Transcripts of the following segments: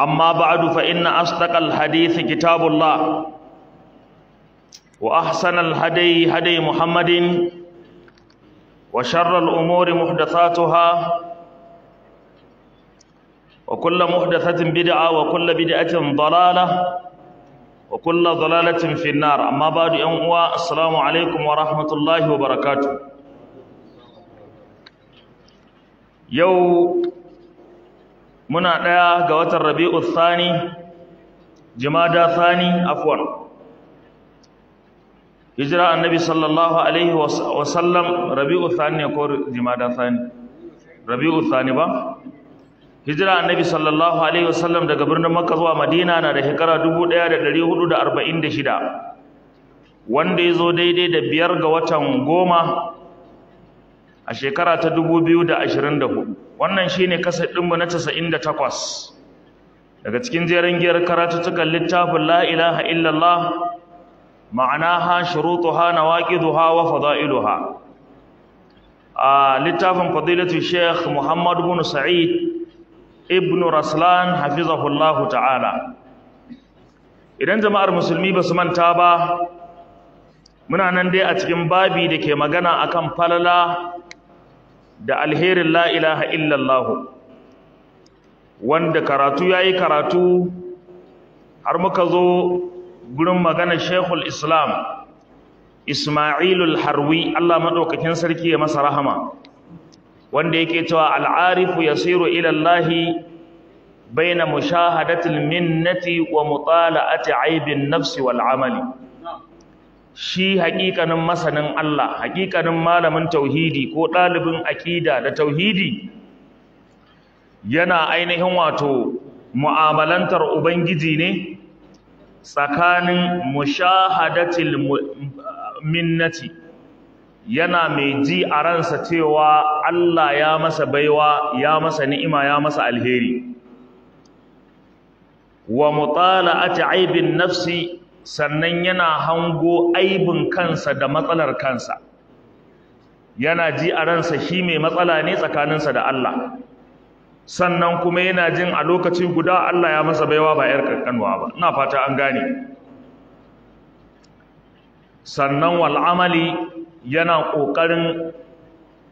أما بعد فإن أصدق الحديث كتاب الله وأحسن الهدي هدي محمد وشر الأمور محدثاتها وكل محدثة بدعة وكل بدعة ضلالة وكل ضلالة في النار أما بعد أن السلام عليكم ورحمة الله وبركاته يوم muna ɗaya ga watan rabi'u sani jimada sani afwan hijira annabi sallallahu alaihi wasallam rabi'u sani ne ko jimada sani rabi'u sani ba hijira annabi sallallahu alaihi wasallam daga birnin makka zuwa madina na da shekara 1446 wanda ya zo daidai da biyar ga watan goma a shekara ta 2024 wannan shine kasar ɗinmu na takwas. daga cikin jerin giyar karatuttukan littafin la ilaha illallah ma'anaha shurutuha nawaqiduha wa fada'iluha a littafin fadilatu sheikh Muhammadu ibn sa'id ibn raslan hafizahullahu ta'ala idan jama'ar musulmi ba su manta ba muna nan dai a cikin babi da ke magana akan falala da alherin la ilaha illallah wanda karatu yayi karatu har muka zo gurin maganar shekul Islam Isma'ilul Harwi Allah madaukakin sarki ya masa rahama wanda yake cewa al'arifu ya yasiru ila Allah baina mushahadatil minnati wa mutala'ati aibin nafsi wal'amali shi haƙiƙanin masanin Allah haƙiƙanin malamin tauhidi ko ɗalibin aƙida da tauhidi yana ainihin wato mu'amalantar ubangiji ne tsakanin mushahadatil minnati yana mai ji a ransa cewa Allah ya masa baiwa ya masa ni'ima ya masa alheri wa mutala'ati aibin nafsi sannan yana hango aibin kansa da matsalar kansa yana ji a ransa shi mai matsala ne tsakaninsa da Allah sannan kuma yana jin a lokaci guda Allah ya masa baiwa ba yar kankanwa ba ina fata an gane sannan wal'amali yana ƙoƙarin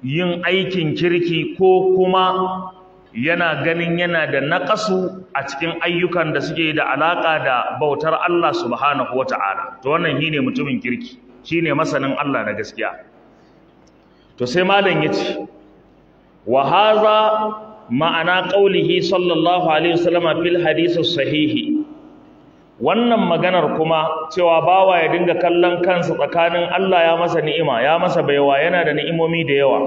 yin aikin kirki ko kuma yana ganin yana da naƙasu a cikin ayyukan da suke da alaƙa da bautar Allah subhanahu wata'ala to wannan shine mutumin kirki shine masanin Allah na gaskiya to sai malam yace wa hadha ma'ana qaulihi sallallahu alaihi wasallam fil hadith sahihi wannan maganar kuma cewa bawa ya dinga kallon kansa tsakanin Allah ya masa ni'ima ya masa baiwa yana da ni'imomi da yawa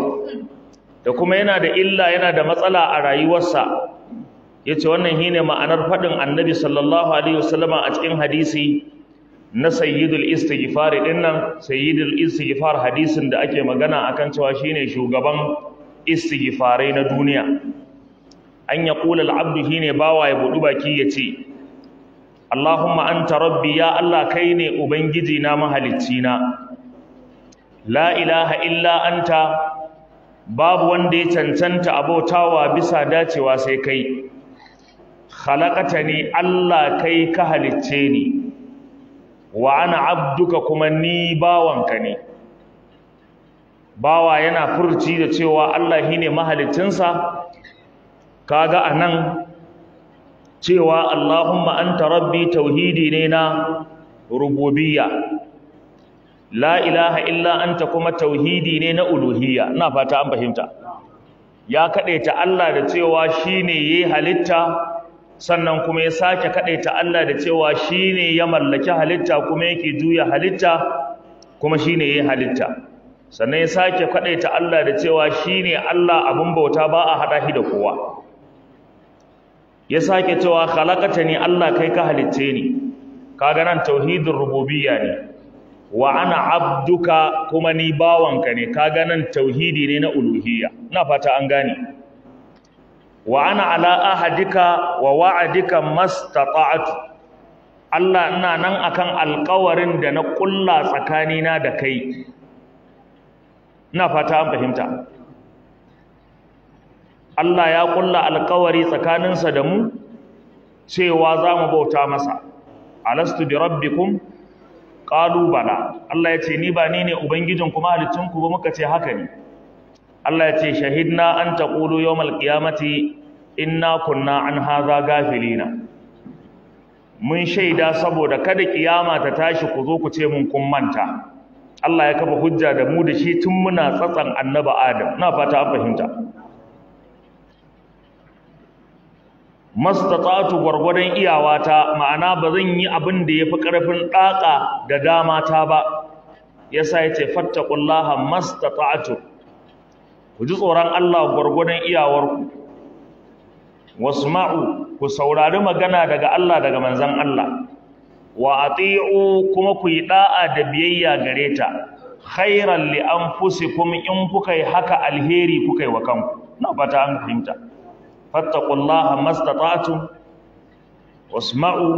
da kuma yana da illa yana da matsala a rayuwarsa yace wannan shine ma'anar faɗin annabi sallallahu alaihi wasallama a cikin hadisi na sayyidul istighfar ɗinnan. sayyidul istighfar hadisin da ake magana akan cewa shine shugaban istighfarai na duniya an yaqula al-abdu shine bawa ya budu baki yace Allahumma anta rabbi ya Allah kai ne ubangiji na mahalicci na la ilaha illa anta babu wanda ya cancanta abotawa bisa dacewa sai kai khalaqatani Allah kai ka halicce ni wa ana abduka kuma ni bawanka ne bawa yana furci da cewa Allah shine mahalicinsa kaga anan cewa Allahumma anta rabbi tauhidi ne na rububiyya la ilaha illa anta kuma tauhidi ne na uluhiyya ina fata an fahimta ya kadaita Allah da cewa shine yayi halitta sannan kuma ya sake kadaita Allah da cewa shine ya mallaki halitta kuma yake juya halitta kuma shine yayi halitta sannan ya sake kadaita Allah da cewa shine Allah abun bauta ba a hada shi da kowa ya sake cewa khalaqatani Allah kai ka halicce ni kaga nan tauhidur rububiyya ne wa ana abduka kuma ni bawanka ne kaga nan tauhidi ne na uluhiyya ina fata an gane wa ana ala ahadika wa wa'adika mastata'tu Allah ina nan akan alƙawarin da na kulla tsakanina da kai ina fata an fahimta Allah ya kulla alƙawari tsakaninsa da mu cewa za mu bauta masa alastu bi rabbikum Ƙalubala, bala Allah ya ce ni ba ni ne ubangijin kuma halittunku ku ba muka ce haka ne Allah ya ce na an taqulu yawmal qiyamati inna kunna an haza gafilina mun shaida saboda kada ƙiyama ta tashi ku zo ku ce mun kun manta Allah ya kafa hujja da mu da shi tun muna tsatsan annaba Adam na fata an fahimta mastata'tu gwargwadon iyawata ma'ana ba zan yi abin da yafi ƙarfin ɗaka da dama ta ba yasa yace fattaqullaha mastata'tu ku ji tsoron Allah gwargwadon iyawarku wasma'u ku saurari magana daga Allah daga manzon Allah wa ati'u kuma ku yi da'a da biyayya gare ta khairan li anfusikum in kuka yi haka alheri kuka yi wa kanku na fata an fahimta fattaqullaha mastata'tum wasma'u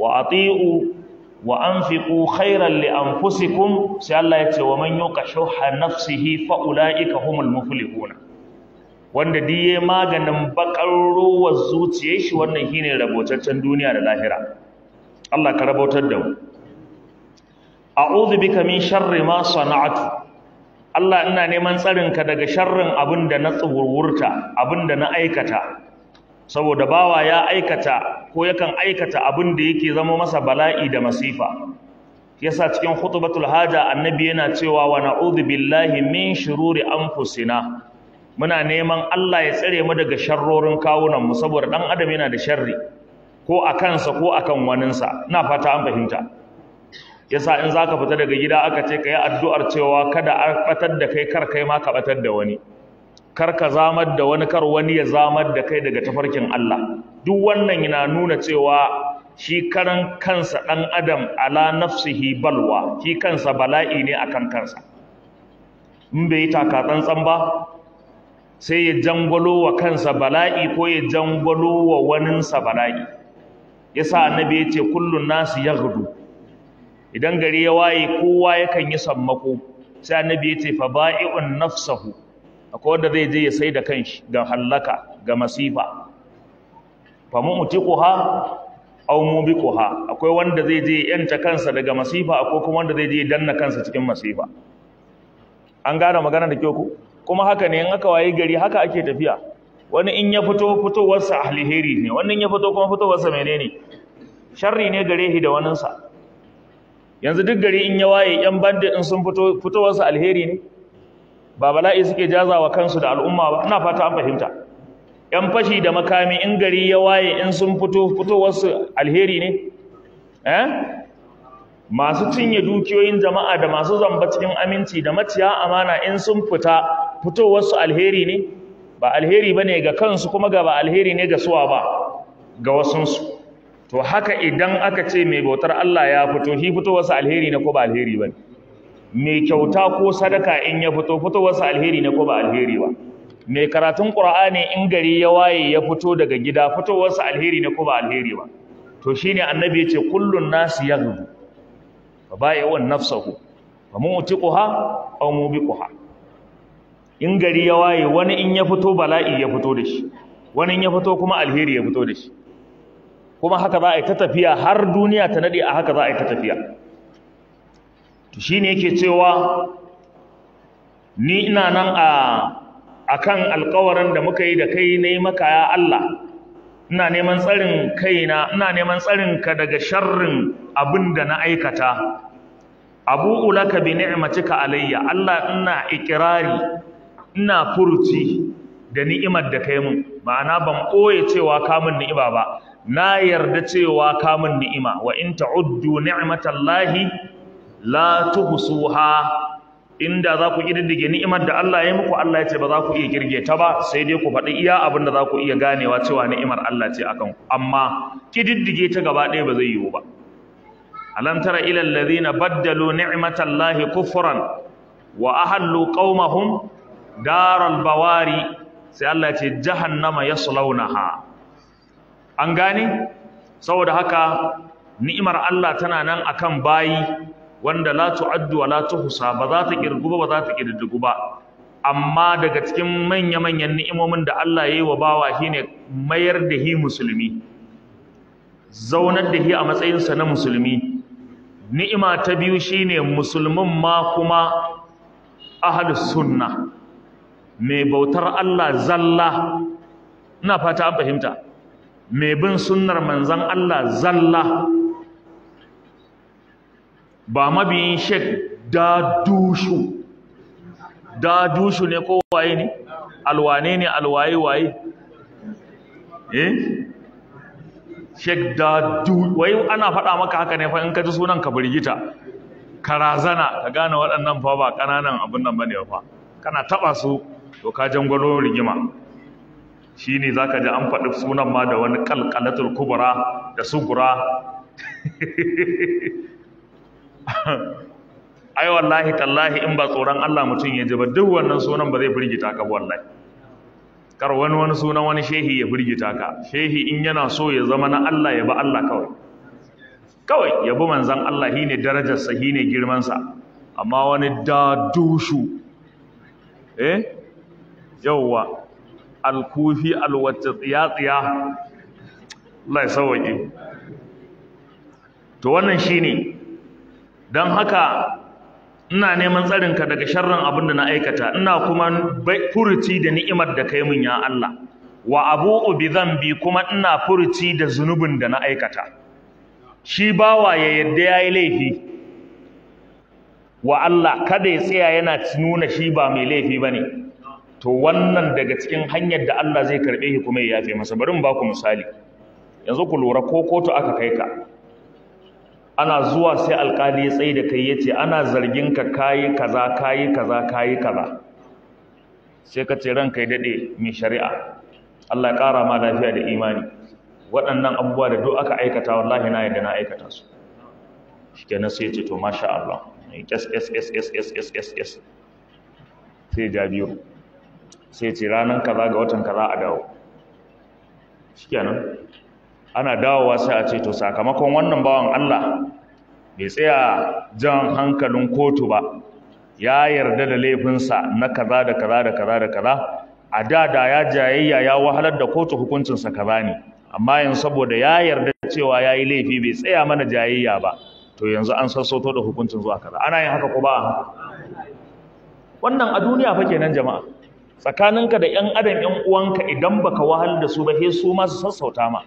wa ati'u wa Anfiƙu khairan li anfusikum sai Allah ya ce wa man yuqa shuhha nafsihi fa ulaika humul muflihun wanda diye maganin baƙar ruwar zuciyar shi wannan shine rabotaccen duniya da lahira Allah ka rabotar da mu a'udhu bika min sharri ma sana'tu Allah ina neman tsarinka daga sharrin abin da na tsuburwurta abin da na aikata saboda bawa ya aikata ko yakan aikata abin da yake zama masa bala'i da masifa yasa cikin khutbatul haja annabi yana cewa wa na'udhu billahi min shururi anfusina muna neman Allah ya tsare mu daga sharrorin kawunan mu saboda dan adam yana da sharri ko a kansa ko akan waninsa ina fata an fahimta yasa in zaka fita daga gida aka ce kai addu'ar cewa kada a batar da kai kar kai ma ka batar da wani kar ka zamar da wani kar wani ya zamar da kai daga tafarkin Allah duk wannan yana nuna cewa shi karan kansa dan adam ala nafsihi balwa shi kansa bala'i ne akan kansa in bai yi taka tsantsan ba sai ya jangwalo wa kansa bala'i ko ya jangwalo wa waninsa bala'i yasa annabi ya ce kullun nasu yaghdu idan gari ya waye kowa yakan yi sammako sai annabi ya ce fa ba'i'un nafsahu akwai wanda zai je ya sai da kanshi ga hallaka ga masifa fa mu'tiquha aw mubiquha akwai wanda zai je yanta kansa daga masifa akwai kuma wanda zai je danna kansa cikin masifa an gane magana da kyau kuma haka ne in aka waye gari haka ake tafiya wani in ya fito fitowarsa alheri ne wani in ya fito kuma fitowarsa menene sharri ne gare shi da waninsa yanzu duk gari in ya waye yan bandi in sun fito wasu alheri ne ba bala'i suke jazawa kansu da al'umma ba ina fata an fahimta yan fashi da makami in gari ya waye in sun fito wasu alheri ne eh? masu cinye dukiyoyin jama'a da masu zamba cikin aminci da maciya amana in sun fita wasu alheri ne ba alheri bane ga kansu kuma ga ba alheri ne ga suwa ba ga wasunsu to haka idan aka ce mai bautar Allah ya fito shi fitowarsa alheri ne ko ba alheri ba mai kyauta ko sadaka in ya fito fitowarsa alheri ne ko ba alheri ba mai karatun qur'ani in gari ya waye ya fito daga gida fitowarsa alheri ne ko ba alheri ba to shine annabi ya ce kullun mu yaghdu fa ha, nafsahu fa mu'tiquha aw mubiquha in gari ya waye wani in ya fito bala'i ya fito da shi wani in ya fito kuma alheri ya fito da shi kuma haka za a yi ta tafiya har duniya ta nade a haka za a yi ta tafiya to ne yake cewa ni ina nan a kan alƙawarin da muka yi da kai na yi maka Allah ina neman tsarin kaina ina neman tsarin ka daga sharrin abin da na aikata abu'u laka bi ni'matika alayya Allah ina ikirari ina furuci da ni'imar da kai mun ma'ana ban ɓoye cewa ka mun ni'iba ba na yarda cewa kamun ni'ima wa in ta'uddu ni'matallahi la tuhsuha inda za ku ƙididdige ni'imar da Allah ya muku Allah ya ce ba za ku iya kirge ta ba sai dai ku faɗi iya abin da za ku iya ganewa cewa ni'imar Allah ce akan ku amma ƙididdige ta gaba ɗaya ba zai yiwu ba alam tara ila alladhina baddalu ni'matallahi kufran wa ahallu qaumahum daral bawari sai Allah ya ce jahannama yaslaunaha an gane saboda haka ni'imar Allah tana nan akan bayi wanda la tu'addu wa la tuhsa ba za ta kirgu ba za ta kirdugu ba amma daga cikin manya-manyan ni'imomin da Allah ya yi wa bawa shine mayar da hi musulmi zaunar da hi a matsayinsa na musulmi ni'ima ta biyu shine musulmin ma kuma ahlus sunna mai bautar Allah zalla ina fata an fahimta mai bin sunnar manzan Allah zalla ba mabiyin shek dadushu dadushu ne ko ne alwane ne alwaye waye eh shek dadu wai ana faɗa maka haka ne fa in ka ji sunan ka birgita ka razana ka gane waɗannan fa ba ƙananan abin nan bane fa kana taɓa su to ka jangwaro rigima Shi ne za ka ji an faɗi sunan ma da wani kalkalatul kubura da sugura ai wallahi tallahi in ba tsoron Allah mutum ya ji ba duk wannan sunan ba zai firgita ka wallahi kar wani wani sunan wani shehi ya firgita ka shehi in yana so ya zama na Allah ya ba Allah kawai kawai ya bi manzon Allah hi ne darajarsa, hi ne girmansa. amma wani dadushu eh yawwa alkufi alwace, tsiyatsiya lai sawaki to wannan shi ne don haka ina neman tsarinka daga sharran abin da na aikata ina kuma furuci da ni'imar da kai mun ya Allah wa abu bi zambi kuma ina furuci da zunubin da na aikata shi bawa ya yadda yayi laifi wa Allah kada ya tsaya yana nuna shi ba mai laifi bane to wannan daga cikin hanyar da Allah zai karɓe shi kuma ya yafe masa barin mu ba ku misali yanzu ku lura ko kotu aka kai ka ana zuwa sai alƙali ya tsaye da kai yace ana zargin ka kayi kaza kayi kaza kayi kaza sai ka ce ranka ya dade mai shari'a Allah ya ƙara ma lafiya da imani waɗannan abubuwa da duk aka aikata wallahi na yadda na aikata su shikenan sai ya to masha Allah yes yes yes yes yes yes yes sai jabiru sai ce ranar kaza ga watan kaza a dawo shikenan ana dawowa sai a ce to sakamakon wannan bawan Allah bai tsaya jan hankalin kotu ba ya yarda da laifinsa na kaza da kaza da kaza da kaza a da da ya jayayya ya wahalar da kotu hukuncinsa kaza ne amma yanzu saboda ya yarda cewa ya yi laifi bai tsaya mana jayayya ba to yanzu an sassoto da hukuncin zuwa kaza ana yin haka ko ba wannan a duniya fa kenan jama'a tsakaninka da ‘yan adam ‘yan uwanka idan baka wahal da su ba he su masu sassauta ma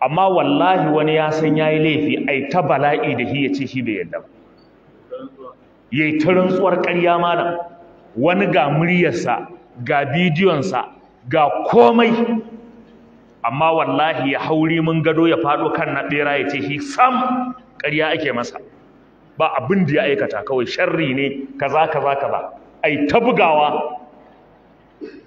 amma wallahi wani ya san ya yi laifi yi ta bala'i da shi ya ce shi bai yadda ba ya yi ta rantsuwar ƙarya wani ga muryarsa ga bidiyonsa ga komai amma wallahi ya hauri mun gado ya faɗo kan na ɓera ya ce shi sam ƙarya ake masa ba abin da ya aikata kawai sharri ne kaza kaza kaza ai ta bugawa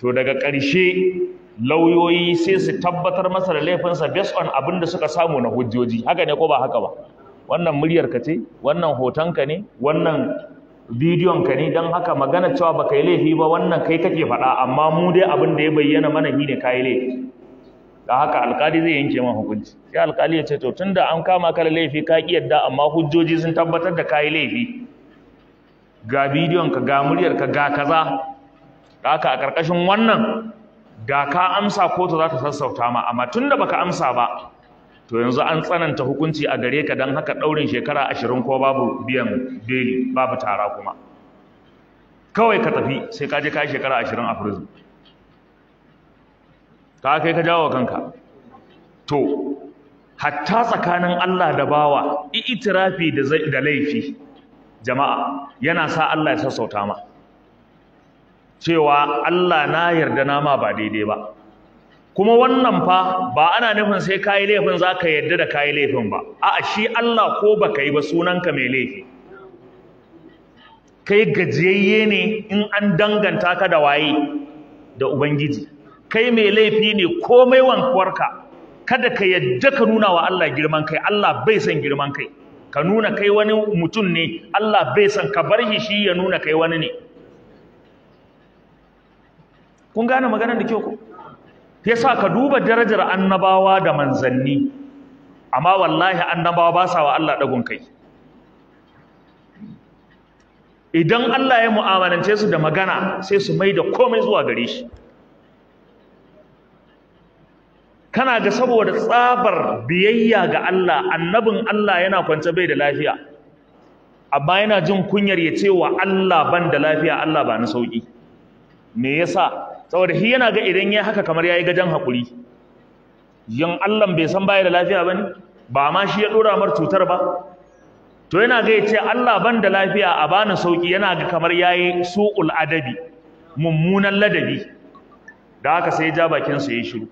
to daga ƙarshe lauyoyi sai su tabbatar masa da laifinsa based on abin da suka samu na hujjoji haka ne ko ba haka ba wannan muryarka ce wannan hoton ka ne wannan bidiyon ka ne don haka magana cewa ba kai laifi ba wannan kai kake faɗa amma mu dai abin da ya bayyana mana shi ne ka yi laifi da haka alkali zai yanke min hukunci sai alkali ya ce to tunda an kama ka laifi ka ƙi yadda amma hujjoji sun tabbatar da ka laifi ga bidiyon ka, ga muryarka ga kaza haka a karkashin wannan da ka amsa ko ta za ta sassauta ma amma tun da baka amsa ba to yanzu an tsananta hukunci a gare ka dan haka daurin shekara ashirin ko babu biyan beli babu tara kuma kawai ka tafi sai ka je ka yi shekara ashirin a prison ka kai ka jawo kanka to hatta tsakanin Allah da bawa itirafi da laifi jama'a yana sa Allah ya sassauta ma cewa Allah na yarda na ma ba daidai ba kuma wannan fa ba ana nufin sai kayi laifin za ka yarda da kayi laifin ba a'a shi Allah ko baka yi ba sunanka mai laifi kai gajiyayye ne in an danganta ka da waye da ubangiji kai mai laifi ne komai wankuwarka kada ka yarda ka nuna wa Allah girman kai Allah bai san girman kai ka nuna kai wani mutum ne Allah bai san ka bar shi shi ya nuna kai wani ne kun gane maganar da kyau ko yasa ka duba darajar annabawa da manzanni amma wallahi annabawa ba sa wa Allah dagun kai idan Allah ya mu'amalance su da magana sai su mai da komai zuwa gare shi kana ga saboda tsabar biyayya ga Allah annabin Allah yana kwance bai da lafiya amma yana jin kunyar ya ce wa Allah ban da lafiya Allah ba ni sauki me yasa saboda shi yana ga idan yayi haka kamar yayi gajan hakuri Yin Allah bai san baya da lafiya ba ne? ba ma shi ya dora mar cutar ba to yana ga ya ce Allah ban da lafiya a bani sauki yana ga kamar yayi su'ul adabi mummunan ladabi da haka sai ja bakin sa yayi shiru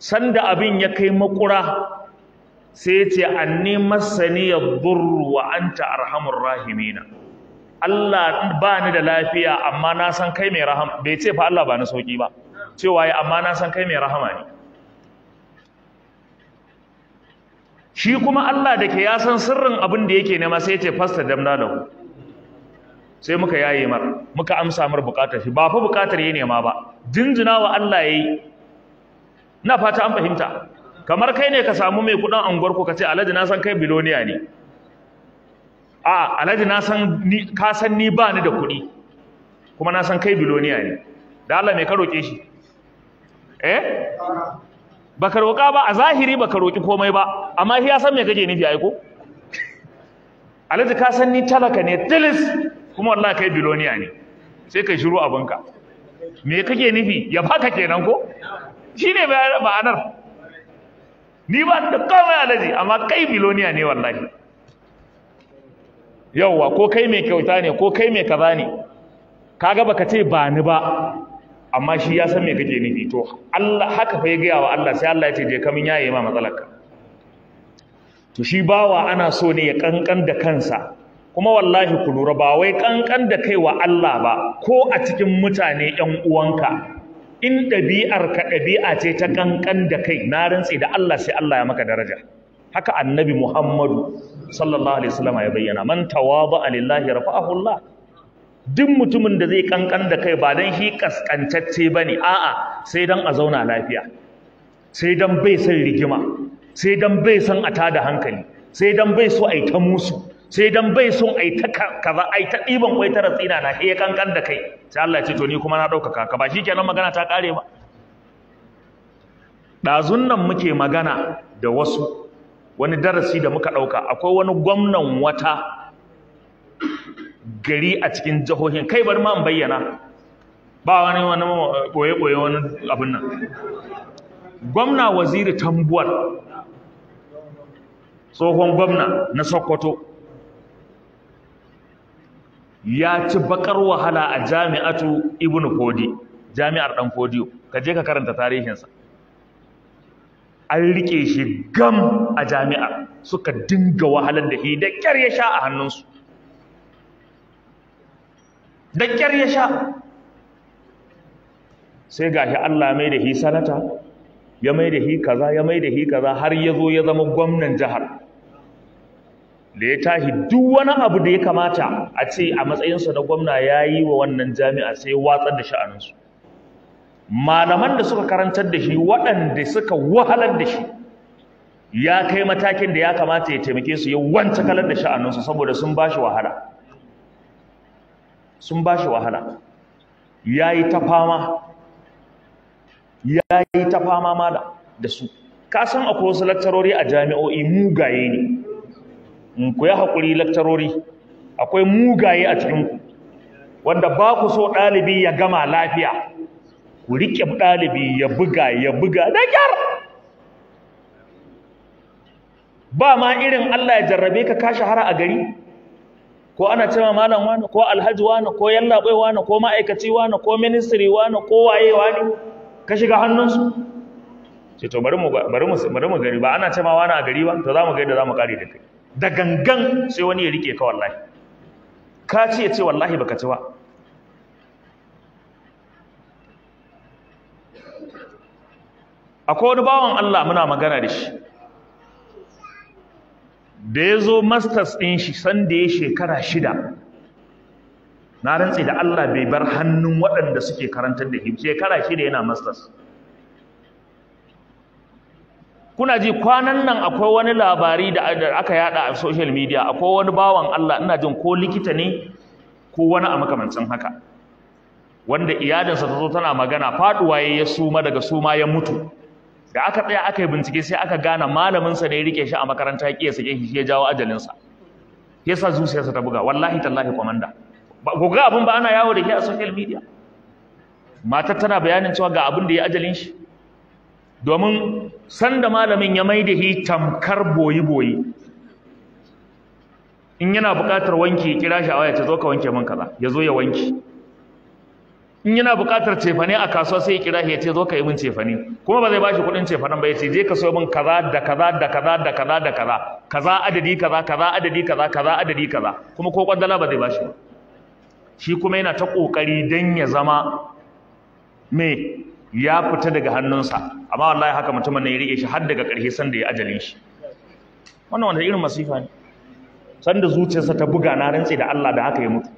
sanda abin ya kai makura sai ya ce anni masani yadurru wa anta arhamur rahimina Allah ba ni da lafiya amma na san kai mai rahama bai ce fa Allah ba ni sauki ba cewa ya amma na san kai mai rahama ne shi kuma Allah da ke ya san sirrin abin da yake nema sai ya ce fasta damna ku? sai muka yaye mar muka amsa mar bukatar shi ba fa bukatar yayi nema ba jinjina wa Allah yayi ina fata an fahimta kamar kai ne ka samu mai kudin anguwar Ka kace alhaji na san kai biloniya ne a alhaji na san ni ka san ni ba ni da kudi kuma na san kai biloniya ne da Allah me ka roke shi eh baka roka ba a zahiri baka roki komai ba amma shi ya san me kake nufi ai ko alhaji ka san ni talaka ne tilis kuma wallahi kai biloniya ne sai kai shiru abinka me kake nufi ya baka kenan ko shi ne ma'anar ni ba da kawai alaji amma kai miloniya ne wallahi yauwa ko kai mai kyauta ne ko kai mai kaza ne kaga baka ce ba ni ba amma shi ya san me kake nufi to Allah haka fa ya gaya wa Allah sai Allah ya ce je kamin yaye ma ka to shi bawa ana so ne ya kankan da kansa kuma wallahi ku lura ba wai kankan da kai wa Allah ba ko a cikin mutane ƴan uwanka in ɗabi'ar ka ɗabi'a ce ta ƙanƙan da kai na rintse da Allah sai Allah ya maka daraja haka annabi Muhammadu sallallahu alaihi wasallama ya bayyana man tawaba lillahi rafa'ahu Allah duk mutumin da zai ƙanƙan da kai ba dan shi kaskantacce bane a'a sai dan a zauna lafiya sai dan bai san rigima sai dan bai san a tada hankali sai dan bai so a yi ta musu sai dan bai son a yi ta kaza a ɗiban kwai ta ratsina na ya ƙanƙan da kai sai Allah ya ce to ni kuma na ɗaukaka ka ba shi kenan magana ta ƙare ba ɗazun nan muke magana da wasu wani darasi da muka ɗauka akwai wani gwamnan wata gari a cikin jihohin kai bari ma bayyana ba wani wani ɓoye-ɓoye wani abin nan gwamna waziri Tambuwar, tsohon gwamna na sokoto ya ci bakar wahala a jami'atu Ibn Kodi, jami'ar dan Kodiyo. ka je ka karanta tarihinsa an rike shi gam a jami'a suka dinga wahalar da shi da kyar ya sha a hannunsu da kyar ya sha sai gashi Allah mai da shi sanata ya mai da shi kaza ya mai da shi kaza har ya zo ya zama gwamnan jihar da ya tashi duk wani abu da ya kamata a ce a matsayinsa na gwamna ya yi wa wannan jami'a sai watsar da sha'aninsu malaman da suka karantar da shi waɗanda suka wahalar da shi ya kai matakin da ya kamata ya taimake su ya wanta kalar da sha'aninsu saboda sun ba shi wahala sun ba shi wahala ya yi ta fama ya yi ta fama ma da su ka san akwai wasu lattarori a jami'o'i mugaye ne ku yi haƙuri laktarori, akwai mugaye a cikinku wanda ba ku so ɗalibi ya gama lafiya ku riƙe ɗalibi ya buga ya buga da kyar ba ma irin Allah ya jarrabe ka kashi har a gari ko ana cewa malam wani ko alhaji wani ko bai wani ko ma'aikaci wani ko ministry wani ko waye wani ka shiga hannunsu ce to bari mu gari ba ana cewa wani a gari ba to za mu ga yadda za mu kare da kai da gangan sai wani ya rike ka wallahi ka ce ce wallahi baka ci ba akwai wani bawan Allah muna magana da shi da ya zo masters ɗin shi sanda ya shekara shida na rantsi da Allah bai bar hannun waɗanda suke karantar da shi shekara shida yana masters kuna ji kwanan nan akwai wani labari da aka yada a social media akwai wani bawan Allah ina jin ko likita ne ko wani a makamancin haka wanda iyadansa ta zo tana magana faduwa ya suma daga suma ya mutu da aka tsaya aka yi bincike sai aka gane malaminsa ne ya rike shi a makaranta ya kiyasa sake shi ya jawo ajalinsa sa zuciyarsa ta buga wallahi tallahi komanda ba ku ga abin ba ana yawo da ke a social media matar tana bayanin cewa ga abin da ya ajalin shi domin sanda malamin ya mai da tamkar boyi-boyi in yana buƙatar wanki kira shi a ce ta zo ka wanke min kaza ya zo ya wanki in yana buƙatar cefane a kasuwa sai ya kira shi ya ce zo ka yi min cefane kuma ba zai bashi kuɗin cefanen ba ya ce je ka so min kaza da kaza da kaza da kaza da kaza kaza adadi kaza kaza adadi kaza kaza adadi kaza kuma ko kwandala ba zai bashi ba shi kuma yana ta ƙoƙari don ya zama me ya fita daga hannunsa amma wallahi haka mutumin ne ya rike shi har daga ƙarshe san da ya ajalin shi wannan wanda irin masifa ne san da zuciyarsa ta buga na rantse da Allah da haka ya mutu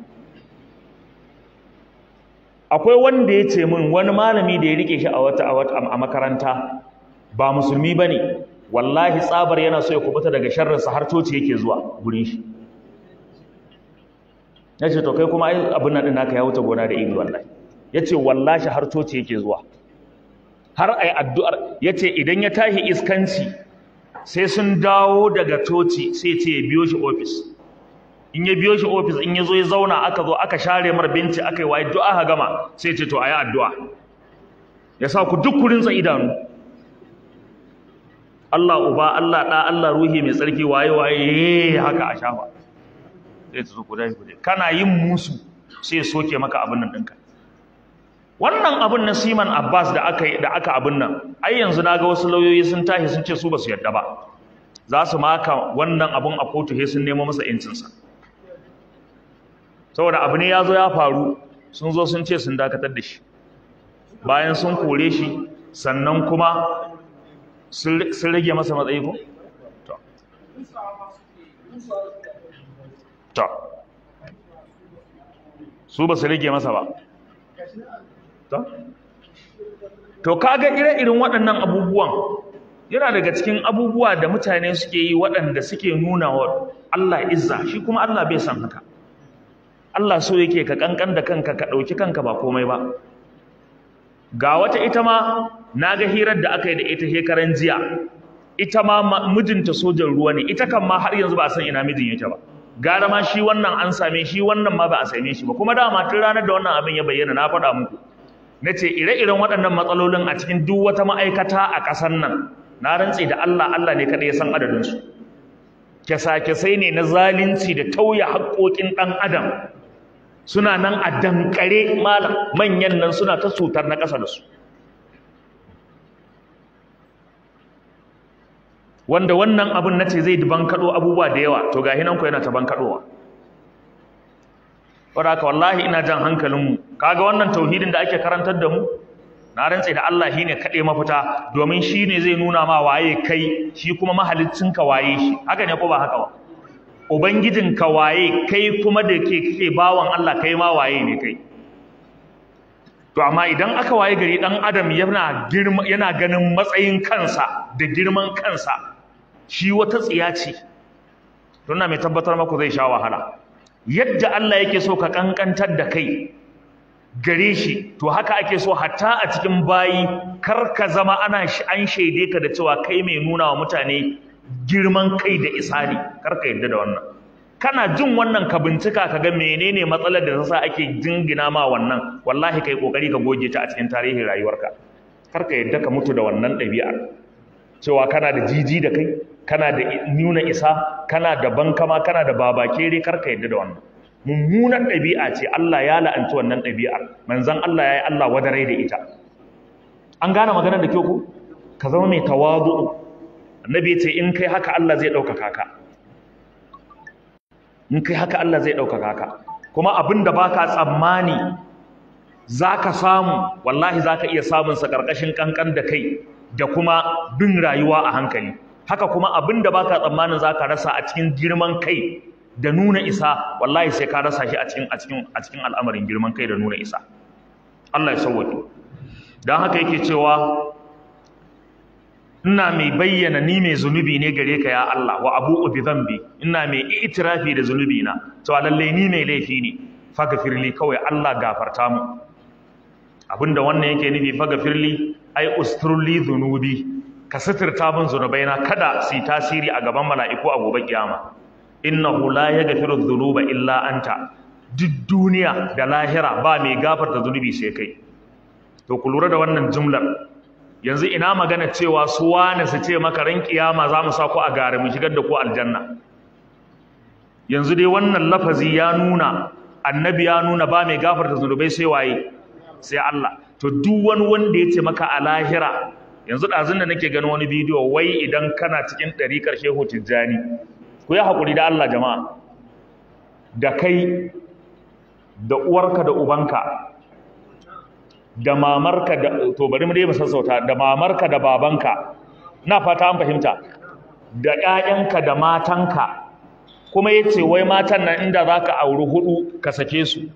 akwai wanda ya ce min wani malami da ya rike shi a wata a makaranta ba musulmi bane wallahi tsabar yana so ya kubuta daga sharrinsa har coci yake zuwa gurin shi ya ce to kai kuma abin nan ɗin naka ya wuce gona da iri wallahi ya ce wallashi har coci yake zuwa har ai addu'ar yace idan ya tahi iskanci sai sun dawo daga coci, sai ce ya biyo shi office in ya biyo shi office in ya zo ya zauna aka zo aka share mar binci aka yi waye addu’a aka gama sai ce to ayi addu'a ya sa ku duk kurin idanu Allah uba Allah da Allah ruhi mai tsarki waye waye eh, haka a shafa sai ta zo ku dai ku dai kana yin musu sai soke maka abin nan ɗinka wannan abin na Siman Abbas da aka da aka abin nan ai yanzu naga wasu lauyoyi sun tashi sun ce su basu yadda ba za su maka wannan abun a kotu he sun nemo masa yancin sa saboda abu ne yazo ya faru sun zo sun ce sun dakatar da shi bayan sun kore shi sannan kuma sun rage masa matsayi ko to to su ba su rage masa ba to kaga ire-irin waɗannan abubuwan yana daga cikin abubuwa da mutane suke yi waɗanda suke nuna wa Allah izza shi kuma Allah bai san haka Allah so yake ka kankan da kanka ka ɗauki kanka ba komai ba ga wata ita ma na ga hirar da aka yi da ita hekaran jiya ita ma mijinta sojan ruwa ne ita kan ma har yanzu ba a san ina mijin yake ba gara ma shi wannan an same shi wannan ma ba a same shi ba kuma dama tun ranar da wannan abin ya bayyana na faɗa muku na ce ire-iren waɗannan matsalolin a cikin duk wata ma'aikata a ƙasar nan na rantse da Allah Allah ne kaɗai ya san adadinsu kyasa-kyasai ne na zalunci da tauya haƙoƙin ɗan adam suna nan a dankare malam manyan nan suna ta cutar na ƙasa da su wanda wannan abin na ce zai bankaɗo abubuwa da yawa to ga hinan ku yana ta bankaɗowa wadaka wallahi ina jan hankalinmu kaga wannan tauhidin da ake karantar da mu na rantse da Allah ne kaɗe mafita domin shi ne zai nuna ma waye kai shi kuma mahaliccin ka waye shi haka ne ko ba haka ba ubangijin ka waye kai kuma da ke kike bawan Allah kai ma waye ne kai to amma idan aka waye gari ɗan adam yana ganin matsayin kansa da girman kansa shi wata tsiya ce don na mai tabbatar maku zai sha wahala yadda Allah yake so ka kankantar da kai gare shi to haka ake so hatta a cikin bayi kar ka zama ana an shaide ka da cewa kai mai nuna wa mutane girman kai da isa karka kar ka yarda da wannan kana jin wannan ka bincika ka ga menene matsalar da ta sa ake jingina ma wannan wallahi kai kokari ka goge ta a cikin tarihin rayuwarka kar ka yarda ka mutu da wannan ɗabi'ar cewa kana da jiji da kai kana da nuna isa kana da bankama kana da babakere karka yadda da wannan mummunan ɗabi'a ce Allah ya la'anci wannan ɗabi'ar, manzon Allah ya yi Allah wadarai da ita an gane maganar da kyau ko ka zama mai tawazu annabi ce in kai haka Allah zai ɗaukaka ka in kai haka Allah zai ɗaukaka ka kuma abin da baka tsammani zaka samu wallahi zaka iya samun sa ƙarƙashin kankan da kai da kuma bin rayuwa a hankali haka kuma abin da baka tsammanin zaka rasa a cikin girman kai da nuna isa wallahi sai ka rasa shi a cikin a cikin a cikin al'amarin girman kai da nuna isa Allah ya sauwaƙe Dan haka yake cewa ina mai bayyana ni mai zunubi ne gare ka ya Allah wa abu ubi zambi ina mai itirafi da zunubi na to lalle ni mai laifi ne firli kawai Allah gafarta mu abinda wannan yake nufi faga firli ai usturli zunubi ka suturta bin na kada su tasiri a gaban mala'iku a gobe kiyama ya la yaghfiru zunuba illa anta duk duniya da lahira ba mai gafarta zunubi sai kai to ku lura da wannan jumlar yanzu ina magana cewa su wane su ce maka ran kiyama za mu sa ku a gare mu shigar da ku aljanna yanzu dai wannan lafazi ya nuna annabi ya nuna ba mai gafarta zunubai sai waye sai Allah to duk wani wanda ya ce maka a lahira yanzu ɗazun da nake ganin wani bidiyo wai idan kana cikin ƙarshe shehu tijjani ku yi haƙuri da Allah jama'a da kai da uwarka da ubanka da mamarka da to bari mu dai mu sassauta da mamarka da babanka na fata an fahimta da ƴaƴanka da matanka kuma yace wai matan nan inda zaka auri hudu ka sake su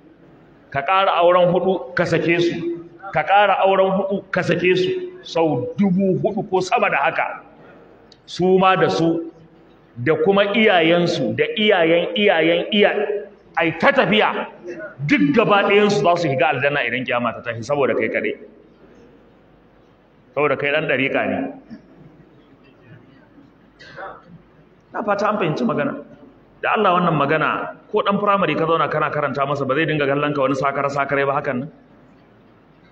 ka ƙara auren hudu ka sake su ka ƙara auren hudu ka sake su sau dubu hudu ko sama da haka su ma da su da kuma iyayensu da iyayen iyayen iya ai ta tafiya duk gaba ɗayansu za su shiga aljanna idan kiyama ta tashi saboda kai kaɗai saboda kai ɗan ɗariƙa ne na fata an fahimci magana da Allah wannan magana ko dan firamare ka zauna kana karanta masa ba zai dinga kallon ka wani sakara sakare ba hakan nan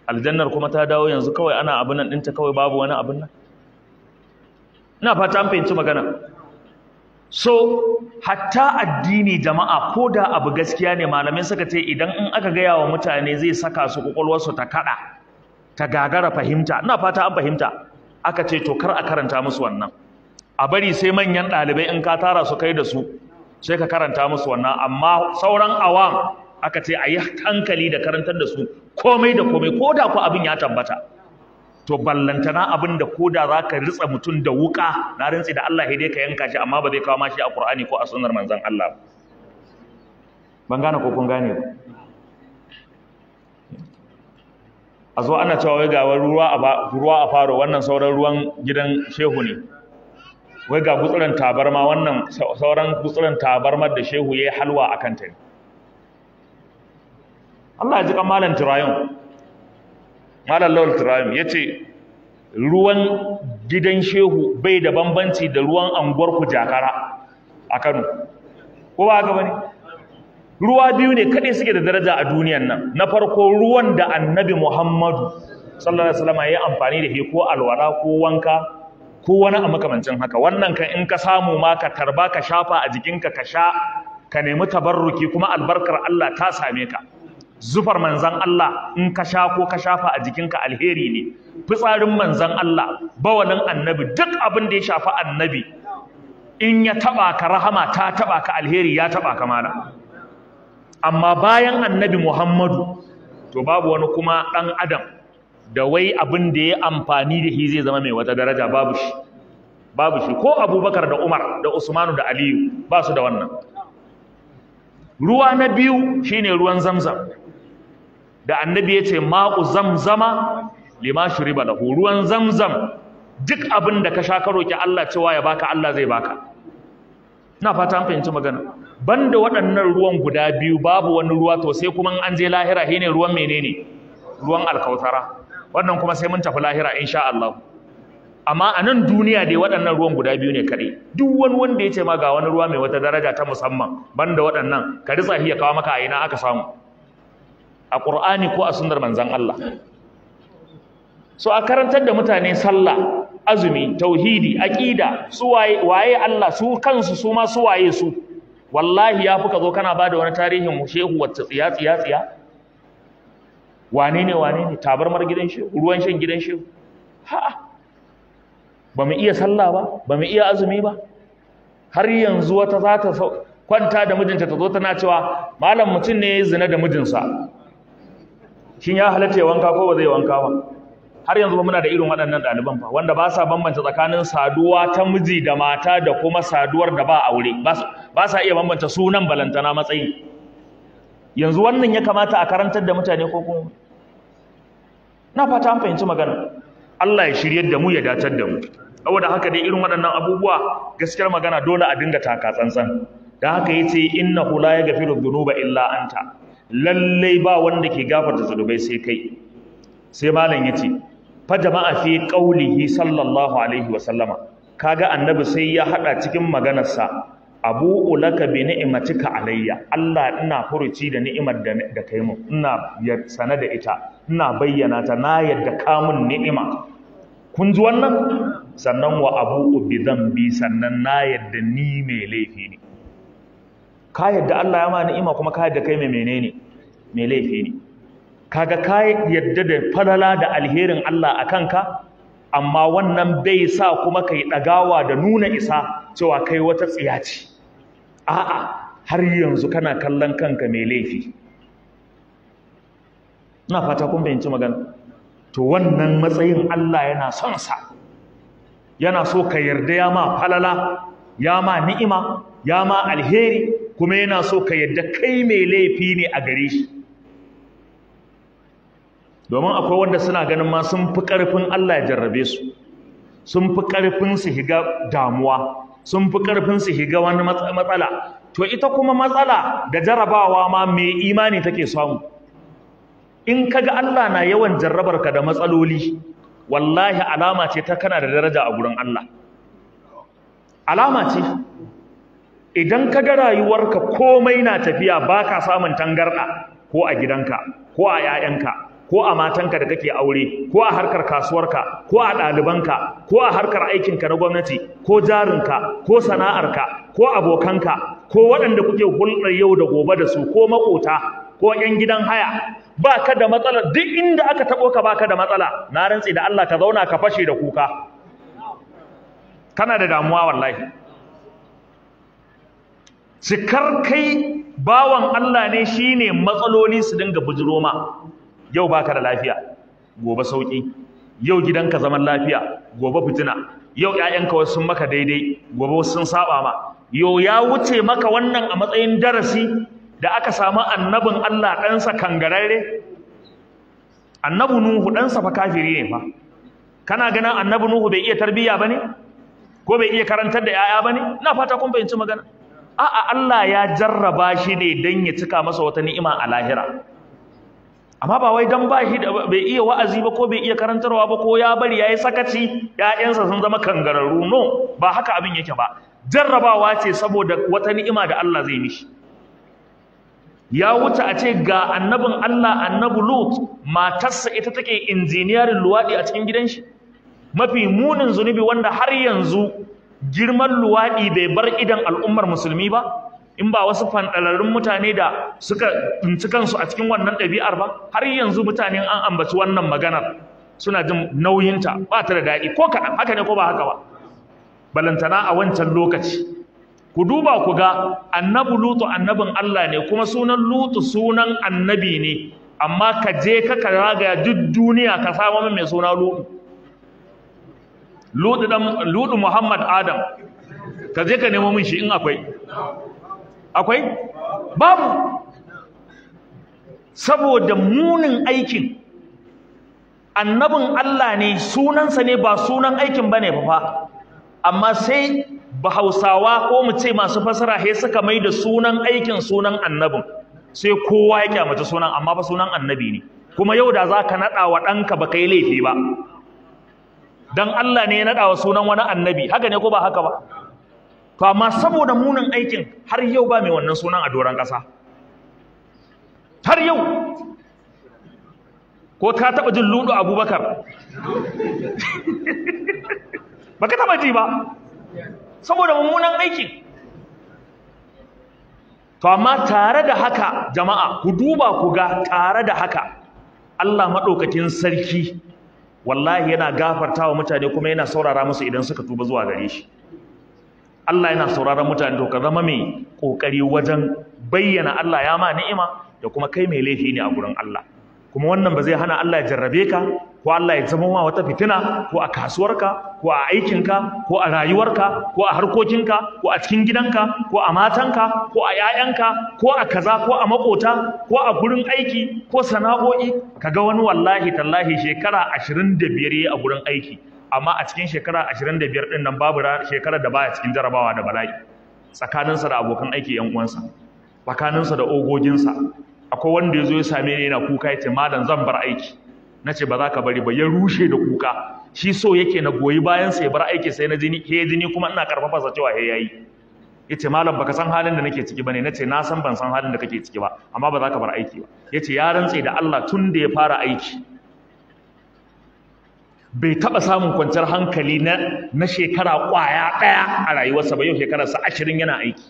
aljannar kuma ta dawo yanzu kawai ana abin nan ɗinta kawai babu wani abin nan ina fata an fahimci magana so hatta addini jama'a ko da abu gaskiya ne malamai suka ce idan in aka gaya wa mutane zai saka su su ta kaɗa ta gagara fahimta ina fata an fahimta aka ce to kar a karanta musu wannan a bari sai manyan ɗalibai in ka tara su kai da su sai ka karanta musu wannan amma sauran awam aka ce a yi hankali da karantar da su komai da komai ko da ku abin ya tabbata to ballantana abin da ko da za ka ritsa mutum da wuka na rintsi da Allah dai ka yanka shi amma ba zai kawo mashi a Qur'ani ko a sunnar manzon Allah ban gane ko kun gane a zo ana cewa wai ga ruwa a ruwa a faro wannan sauran ruwan gidan shehu ne wai ga gutsuran tabarma wannan sauran gutsuran tabarmar da shehu ya yi halwa a kanta ne Allah ya ji kan malam turayon malam lawal turayon ya ce ruwan gidan shehu bai da bambanci da ruwan anguwar ku jakara a kano ko ba ga bane ruwa biyu ne kaɗai suke da daraja a duniyan nan na farko ruwan da annabi muhammadu sallallahu alaihi wasallam ya amfani da shi ko alwala ko wanka ko wani a makamancin haka wannan kan in ka samu ma ka tarba ka shafa a jikinka ka sha ka nemi tabarruki kuma albarkar Allah ta same ka zufar manzan Allah in ka sha ko ka shafa a jikinka alheri ne fitsarin manzan Allah bawalin annabi duk abin da ya shafi annabi in ya taba ka rahama ta taba ka alheri ya taba ka mana amma bayan annabi Muhammadu to babu wani kuma dan adam da wai abin da ya amfani da shi zai zama mai wata daraja babu shi babu shi ko abubakar da umar da usmanu da aliyu ba su da wannan ruwa na biyu shine ruwan zamzam da annabi ya ce ma'u zamzama lima shuriba lahu ruwan zamzam duk abin da ka sha ka ki Allah cewa ya baka Allah zai baka ina fata an fahimci magana banda waɗannan ruwan guda biyu babu wani ruwa to sai kuma an je lahira shine ruwan menene ruwan alkautara wannan kuma sai mun tafi lahira insha Allah amma a nan duniya dai waɗannan ruwan guda biyu ne kaɗai, duk wani wanda ya ce ma ga wani ruwa mai wata daraja ta musamman banda waɗannan ka ritsa ya kawo maka a ina aka samu a Qur'ani ko a sunnar manzon Allah so a karantar da mutane sallah azumi tauhidi aqida su waye Allah su kansu su ma su waye su wallahi ya fuka zo kana bada wani tarihin shehu wacce tsiya tsiya tsiya wane ne wane ne tabarmar gidan shehu ruwan shan gidan shehu ha ba mu iya sallah ba ba mu iya azumi ba har yanzu wata za ta kwanta da mijinta ta zo tana cewa malam mutum ne ya zina da mijinsa shin ya halatta ya wanka ko ba zai wanka ba har yanzu ba muna da irin waɗannan ɗaliban ba wanda ba sa bambanta tsakanin saduwa ta miji da mata da kuma saduwar da ba aure ba sa iya bambanta sunan balantana matsayi yanzu wannan ya kamata a karantar da mutane ko kuma na fata an fahimci magana Allah ya shiryar da mu ya datar da mu saboda haka dai irin waɗannan abubuwa gaskiyar magana dole a dinga taka tsantsan da haka yace innahu la yaghfiru dhunuba illa anta lalle ba wanda ke gafarta zunubai sai kai sai malam yace fa jama'a fi qaulihi sallallahu alaihi wa sallama kaga annabi sai ya hada cikin maganar sa abu ulaka bi ni'matika alayya Allah ina furuci da ni'imar da kai mu ina sana da ita ina bayyana ta na yadda kamun ni'ima kun ji wannan sannan wa abu bi sannan na yadda ni mai laifi ne ka yadda Allah ya ma ni'ima kuma ka yadda kai mai menene mai laifi ne kaga ka yadda da falala da alherin Allah a kanka amma wannan bai sa kuma kai dagawa da nuna isa cewa kai wata tsiya ce a'a har yanzu kana kallon kanka mai laifi ina fata kun fahimci magana to wannan matsayin Allah yana son sa yana so ka yarda ya ma falala ya ma ni'ima ya ma alheri kuma yana so ka yarda kai mai laifi ne a gare shi domin akwai wanda suna ganin ma sun fi ƙarfin Allah ya jarrabe su sun fi ƙarfin su higa damuwa sun fi ƙarfin su higa wani matsala to ita kuma matsala da jarabawa ma mai imani take samu in ka ga Allah na yawan jarrabar ka da matsaloli wallahi alama ce ta kana da daraja a gurin Allah alama ce idan ka ga rayuwarka komai na tafiya baka samun tangarda ko a gidanka ko a 'ya'yanka ko a matanka da kake aure ko a harkar kasuwarka ko a ɗalibanka ko a harkar aikinka na gwamnati ko jarinka ko sana'arka ko abokanka ko waɗanda kuke hulɗar yau da gobe da su ko maƙota ko ƴan gidan haya ba ka da matsala duk inda aka taɓo ka ba ka da matsala na rantsi da Allah ka zauna ka fashe da kuka kana da damuwa wallahi cikar kai bawan Allah ne shine matsaloli su dinga bujiro ma yau baka da lafiya gobe sauki yau gidanka zaman lafiya gobe fitina yau ƴaƴanka wasu sun maka daidai gobe wasu sun saba ma yau ya wuce maka wannan a matsayin darasi da aka samu annabin Allah ɗansa kangararre annabu nuhu ɗansa fa kafiri ne fa kana ganin annabu nuhu bai iya tarbiyya ba ne ko bai iya karantar da 'ya'ya ba ne ina fata kun fahimci magana a'a Allah ya jarraba shi ne don ya cika masa wata ni'ima a lahira amma ba wai don ba shi bai iya wa'azi ba ko bai iya karantarwa ba ko ya bari ya yi sakaci ‘ya'yansa sun zama kangararru no ba haka abin yake ba jarrabawa ce saboda wata ni'ima da Allah zai mishi ya wuce a ce ga annabin Allah annabu Lut matarsa ita take injiniyarin luwaɗi a cikin gidan shi mafi munin zunubi wanda har yanzu girman luwaɗi bai bar idan al'ummar musulmi ba in ba wasu fandalarrun mutane da suka tunci kansu a cikin wannan ɗabi'ar ba har yanzu mutane an ambaci wannan maganar suna jin nauyinta ba ta da daɗi ko kaɗan haka ne ko ba haka ba balantana a wancan lokaci ku duba ku ga annabi lutu annabin Allah ne kuma sunan lutu sunan annabi ne amma ka je ka karagaya duk duniya ka samu mai suna lutu lutu Muhammad Adam ka je ka nemo min shi in akwai akwai babu saboda munin aikin annabin Allah ne sunansa ne ba sunan aikin bane ba fa amma sai Bahausawa ko mu ce masu fasara sai suka mai da sunan aikin sunan annabin sai kowa ya kyamata sunan amma fa sunan annabi ne kuma yau da za ka naɗa wa ɗanka ba kai laifi ba don Allah ne ya naɗa wa sunan wani annabi haka ne ko ba haka ba to amma saboda munin aikin har yau ba mai wannan sunan a doron ƙasa har yau ko ta taɓa jin luɗu abubakar ba ka taɓa ji ba saboda mummunan aikin to amma tare da haka jama'a ku duba ku ga tare da haka Allah madaukakin sarki wallahi yana gafarta wa mutane kuma yana saurara musu idan suka tuba zuwa gare shi Allah yana sauraron mutane to ka zama mai kokari wajen bayyana Allah ya ma ni'ima da kuma kai mai laifi ne a gurin Allah kuma wannan ba zai hana Allah ya jarrabe ka ko Allah ya zama ma wata fitina ko a kasuwarka ko a aikinka ko a rayuwarka ko a harkokinka ko a cikin gidanka ko a matanka ko a 'ya'yanka ko a kaza ko a makota ko a gurin aiki ko sana'o'i kaga wani wallahi tallahi shekara 25 yayi a gurin aiki amma a cikin shekara 25 din nan babu shekara da baya cikin jarabawa da bala'i tsakaninsa da abokan aiki yan uwansa tsakaninsa da ogoginsa akwai wanda ya zo ya same ni yana kuka ya ce malam zan bar aiki na ce ba za ka bari ba ya rushe da kuka shi so yake na goyi bayan sai bar aiki sai na jini he jini kuma ina karfafa sa cewa he yayi yace malam baka san halin da nake ciki bane nace na san ban san halin da kake ciki ba amma ba za ka bar aiki ba yace ya rantse da Allah tun da ya fara aiki bai taɓa samun kwanciyar hankali na na shekara kwaya ɗaya a rayuwarsa ba yau shekararsa 20 yana aiki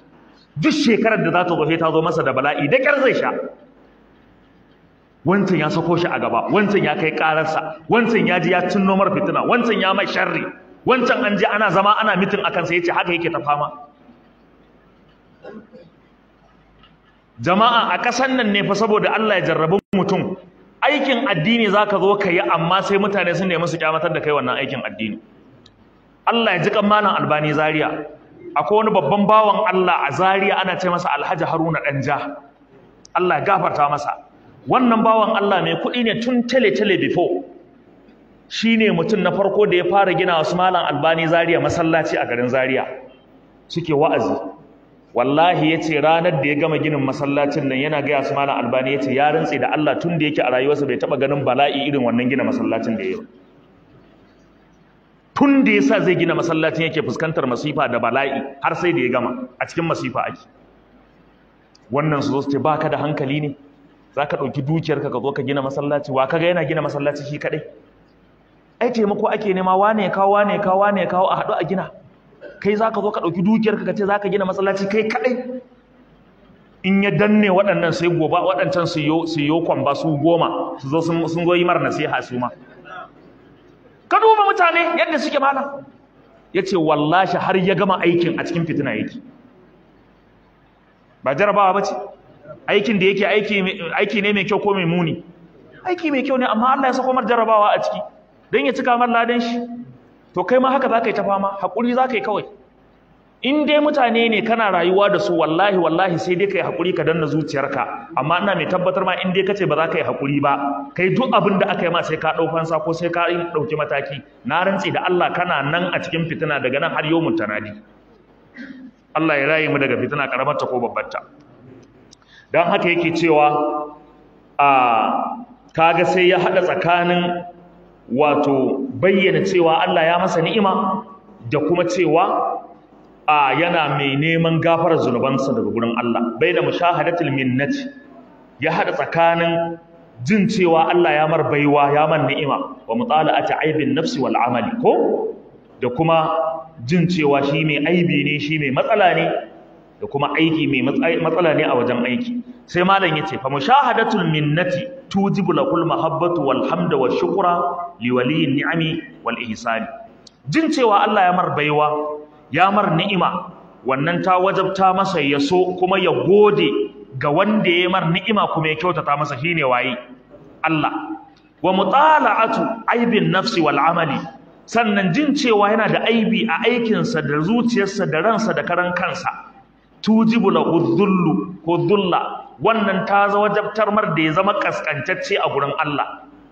duk shekarar da za ta zo ta zo masa da bala'i da kyar zai sha wancan ya sako shi a gaba wancan ya kai ƙararsa wancan ya ji ya cinno mar fitina wancan ya mai sharri wancan an ji ana zama ana mitin a kansa ya haka yake ta fama jama'a a kasan nan ne fa saboda Allah ya jarrabu mutum aikin addini zaka zo ka yi amma sai mutane sun nemi su kyamatar da kai wannan aikin addini Allah ya ji kan malam albani zaria akwai wani babban bawan Allah a zaria ana ce masa alhaji haruna Danja, Allah ya gafarta masa wannan bawan Allah mai kuɗi ne tun tele-tele before shi ne mutum na farko da ya fara gina wasu malam albani zaria masallaci a garin zariya suke wa'azi wallahi ya ce ranar da ya gama ginin masallacin nan yana gaya su malam albani ya ce ya rantse da Allah tun da yake a rayuwarsa bai taɓa ganin bala'i irin wannan gina masallacin da ya yi tun da ya sa zai gina masallacin yake fuskantar masifa da bala'i har sai da ya gama a cikin masifa ake wannan su zo su ce ba ka da hankali ne za ka ɗauki dukiyarka ka zo ka gina masallaci wa kaga yana gina masallaci shi kaɗai ai taimako ake nema wane ya kawo wane ya kawo wane ya kawo a haɗu a gina kai za ka zo ka ɗauki dukiyarka ka ce za ka gina masallaci kai kaɗai in ya danne waɗannan sai gobe waɗancan su yi kwamba su goma su zo sun zo yi mara nasiha su ma ka duba mutane yadda suke mana ya ce wallashi har ya gama aikin a cikin fitina yake ba jarabawa ba ce aikin da yake aiki ne mai kyau ko mai muni aiki mai kyau ne amma Allah ya sako mar jarabawa a ciki don ya cika mar ladan shi to kai ma haka za ka yi ta fama haƙuri za ka kawai in dai mutane ne kana rayuwa da su wallahi wallahi sai dai ka yi haƙuri ka danna zuciyarka amma ina mai tabbatar ma in dai ka ce ba za ka yi haƙuri ba kai duk abin da aka yi ma sai ka ɗau fansa ko sai ka ɗauki mataki na rantse da Allah kana nan a cikin fitina daga nan har yau mutanadi Allah ya raye mu daga fitina karamar ta ko babbar ta don haka yake cewa a kaga sai ya haɗa tsakanin wato bayyana cewa Allah ya masa ni'ima da kuma cewa a yana mai neman gafarar zunubansa daga gurin Allah bai da mushahadatul minnati ya hada tsakanin jin cewa Allah ya mar baiwa ya man ni'ima wa mutala'ati aibin nafsi wal amali ko da kuma jin cewa shi mai aibi ne shi mai matsala ne da kuma aiki mai matsala ne a wajen aiki sai malam ya ce, fa mushahadatul minnati tujibu lakul mahabbatu wal hamda wa shukra li ni'ami wal ihsani jin cewa Allah ya mar baiwa ya mar ni'ima wannan ta wajabta masa yaso kuma ya gode ga wanda ya mar ni'ima kuma ya kyautata masa shine waye Allah wa mutala'atu aibin nafsi wal amali sannan jin cewa yana da aibi a aikinsa da zuciyarsa da ransa da karan kansa tujibu lahu dhullu ko wannan ta wajabtar mar da ya zama kaskantacce a gurin Allah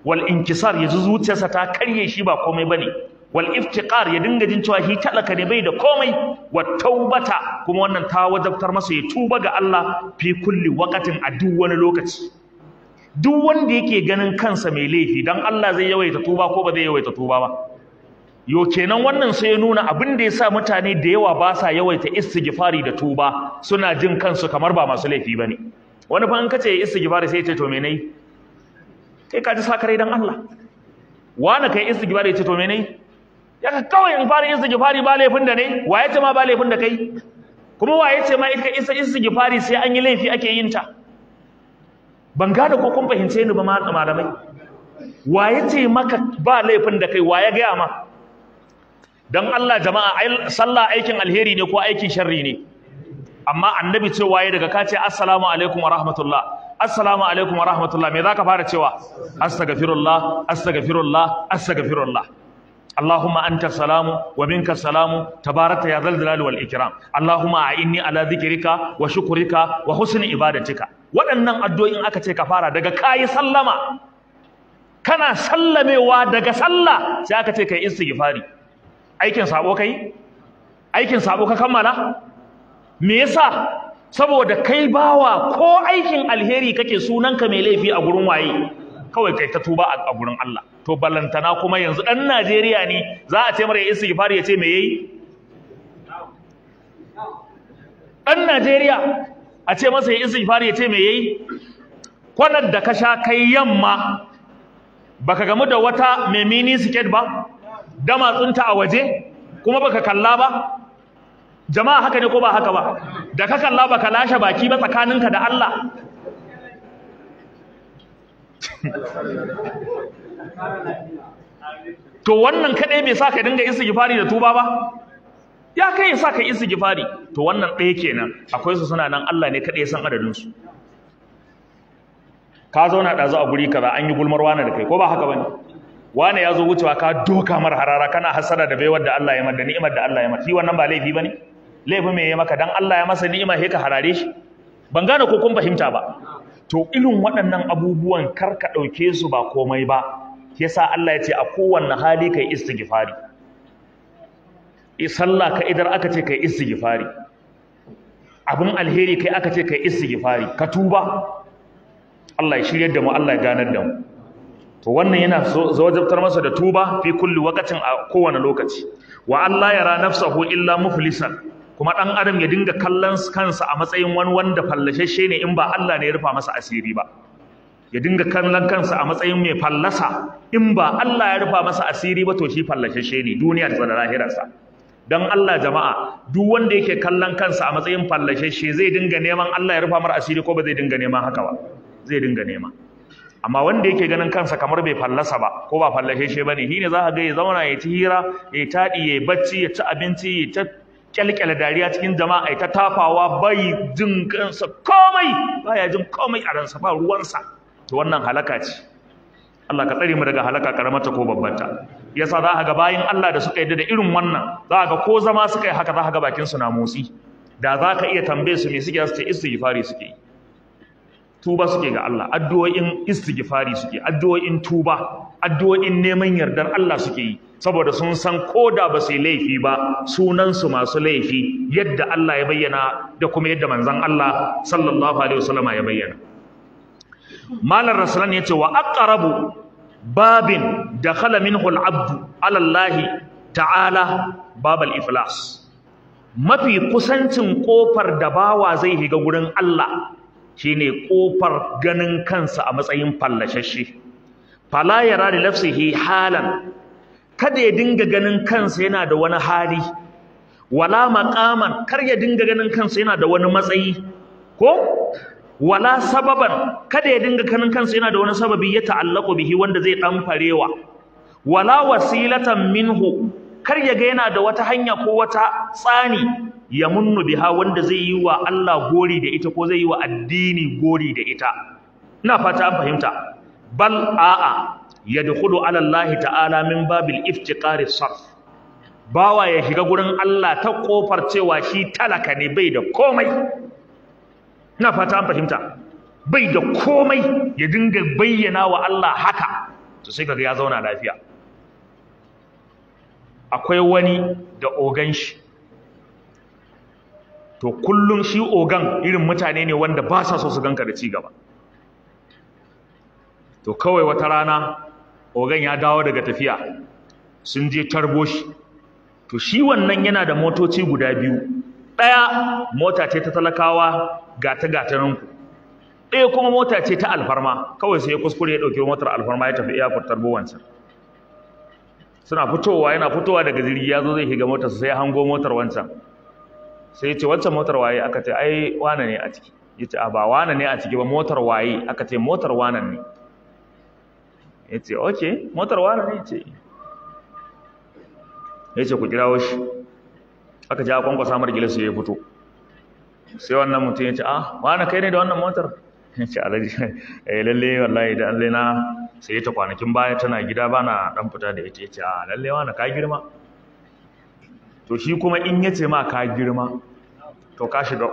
wal inkisar ya zuciyarsa ta karye shi ba komai bane wal iftiqar ya dinga jin cewa shi talaka ne bai da komai Wa taubata kuma wannan ta wajabtar masa ya tuba ga Allah fi kulli waqatin a duk wani lokaci duk wanda yake ganin kansa mai laifi dan Allah zai yawaita tuba ko ba zai yawaita tuba ba yo kenan wannan sai ya nuna abin da yasa mutane da yawa ba sa yawaita istighfari da tuba suna jin kansu kamar ba masu laifi bane wani fa an kace istighfari sai ya ce to me nayi kai ka ji sakare dan Allah wani kai istighfari ya ce to me nayi ya ka kawai in fara istighfari ba laifin da ne ya ce ma ba laifin da kai kuma ya ce ma ita isa istighfari sai an yi laifi ake yin ta ban gane ko kun fahimce ni ba malamai ya ce maka ba laifin da kai wa ya ga ma don Allah jama'a sallah aikin alheri ne ko aikin sharri ne amma annabi cewa ya daga kace assalamu alaikum wa rahmatullah assalamu alaikum wa rahmatullah me zaka fara cewa astaghfirullah astaghfirullah astaghfirullah اللهم أنت السلام ومنك السلام تبارك يا ذا الجلال والإكرام اللهم أعني على ذكرك وشكرك وحسن عبادتك waɗannan addu'o'in aka ce ka fara daga kayi sallama kana sallamewa daga sallah sai aka ce kai istighfari aikin sabo kai aikin sabo ka kammala me yasa saboda kai bawa ko aikin alheri kake sunanka mai laifi a gurin waye kawai kai ta tuba a gurin Allah to balantana kuma yanzu dan Najeriya ne za a ce mara istighfar ya ce me yayi dan Najeriya a ce masa istighfar ya ce me yayi kwanar da ka sha kai yamma baka gamu da wata mai mini siket ba matsunta a waje kuma baka kalla ba jama'a haka ne ko ba haka ba da ka kalla baka lashe baki ba tsakaninka da Allah to wannan kadai bai sa ka dinga istighfari da tuba ba ya kai ya sa ka istighfari to wannan ɗaya kenan akwai su suna nan Allah ne kadai san adadin su ka zauna ɗazu a guri kaza an yi gulmar wani da kai ko ba haka bane wane ya zo wucewa ka doka mar harara kana hasara da baiwar da Allah ya mada ni'imar da Allah ya mada shi wannan ba laifi bane laifi me ya maka dan Allah ya masa ni'ima sai ka harare shi ban gane ko kun fahimta ba to irin waɗannan abubuwan kar ka ɗauke su ba komai ba yasa Allah ya ce a kowanne hali kai istighfari sallah ka idar aka ce kai istighfari abin alheri kai aka ce kai istighfari ka tuba Allah ya shiryar da mu Allah ya ganar da mu to wannan yana zawajabtar masa da tuba fi kulli wakacin a kowane lokaci wa Allah yara nafsahu illa muflisan kuma dan adam ya dinga kallon kansa a matsayin wani wanda fallashe ne in ba Allah ne ya rufa masa asiri ba ya dinga kallon kansa a matsayin mai fallasa in ba Allah ya rufa masa asiri ba to shi fallashe ne duniya da lahirarsa dan Allah jama'a duk wanda yake kallon kansa a matsayin shi zai dinga neman Allah ya rufa mar asiri ko ba zai dinga neman haka ba zai dinga neman. amma wanda yake ganin kansa kamar bai fallasa ba ko ba fallashe ba ne shine za ka ga ya zauna ya ci hira ya taɗi ya bacci ya ci abinci ya ta kyalkyala dariya cikin jama'a ya ta tafawa bai jin kansa komai baya jin komai a ransa ba ruwansa to wannan halaka ce Allah ka tsare mu daga halaka karamata ko babbata yasa za ka ga bayin Allah da suka yadda da irin wannan za ka ga ko zama suka yi haka za ka ga bakin su na motsi da za ka iya tambaye su me suke su ce istighfari suke yi tuba suke ga Allah addu'o'in istighfari suke addu'o'in tuba addu'o'in neman yardar Allah suke yi saboda sun san koda ba su laifi ba sunan su masu laifi yadda Allah ya bayyana da kuma yadda manzon Allah sallallahu alaihi wasallama ya bayyana malar rasulan yace wa aqrabu babin dakhala minhu al-abd ala Allah ta'ala babal iflas mafi kusancin kofar da bawa zai higa gurin Allah shine ƙofar ganin kansa a matsayin fallasasshe. fala yara li nafsihi halan kada ya dinga ganin kansa yana da wani hali wala maqaman kar ya dinga ganin kansa yana da wani matsayi ko wala sababan kada ya dinga ganin kansa yana da wani sababi ya ta'allaqu bihi wanda zai dan wala wasilatan minhu kar ya ga yana da wata hanya ko wata tsani Ya munnu biha wanda zai yi wa Allah gori da ita ko zai yi wa addini gori da ita ina fata an fahimta bal a'a yadkhulu ala Allah ta'ala min babil iftiqari sarf bawa ya shiga gurin Allah ta kofar cewa shi talaka ne bai da komai ina fata an fahimta bai da komai ya dinga bayyana wa Allah haka to sai kaga ya zauna lafiya akwai wani da ogan shi to kullum shi ogan irin mutane ne wanda ba sa so su ganka da cigaba to kawai wata rana ogan ya dawo daga tafiya sun je tarbo shi to shi wannan yana da motoci guda biyu ɗaya mota ce ta talakawa gata-gataninku ɗaya kuma mota ce ta alfarma kawai sai ya kuskure ya ɗauki motar alfarma ya tafi iyakar tarbo wancan suna fitowa yana fitowa daga jirgi ya zo zai shiga motarsa sai ya hango motar wancan sai ya ce wacce motar waye aka ce ai wane ne a ciki ya ce a ba wane ne a ciki ba motar waye aka ce motar wane ne ya ce ok motar wane ne ce ya ce ku kira shi aka ja kwankwa samar gila su ya fito sai wannan mutum ya ce a ah, wane kai ne da wannan motar ya ce alaji ya eh, lalle wallahi da allai na sai ta kwanakin baya tana gida bana dan fita da ita ya ce a ah, lalle wane ka girma to shi kuma in ya ce ma ka girma to ka shiga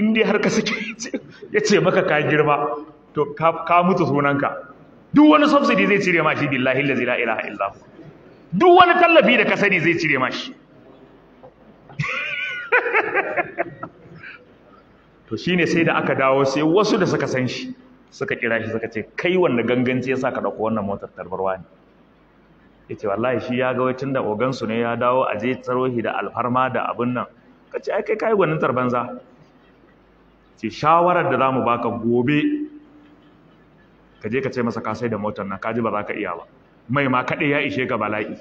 in dai har ka sake ya ce maka ka girma to ka mutu sunanka duk wani subsidy zai cire ma shi billahi la ilaha illa duk wani tallafi da ka sani zai cire ma shi to shine sai da aka dawo sai wasu da suka san shi suka kira shi suka ce kai wanda ganganci yasa ka dauko wannan motar tarbarwa ne yace wallahi shi ya ga wai tunda ogan su ne ya dawo a je tsarohi da alfarma da abin nan kace ai kai kai gwanin tarbanza ce shawarar da zamu baka gobe ka je ka ce masa ka sai da motar nan kaji ba za ka iya ba mai ma kade ya ishe ka bala'i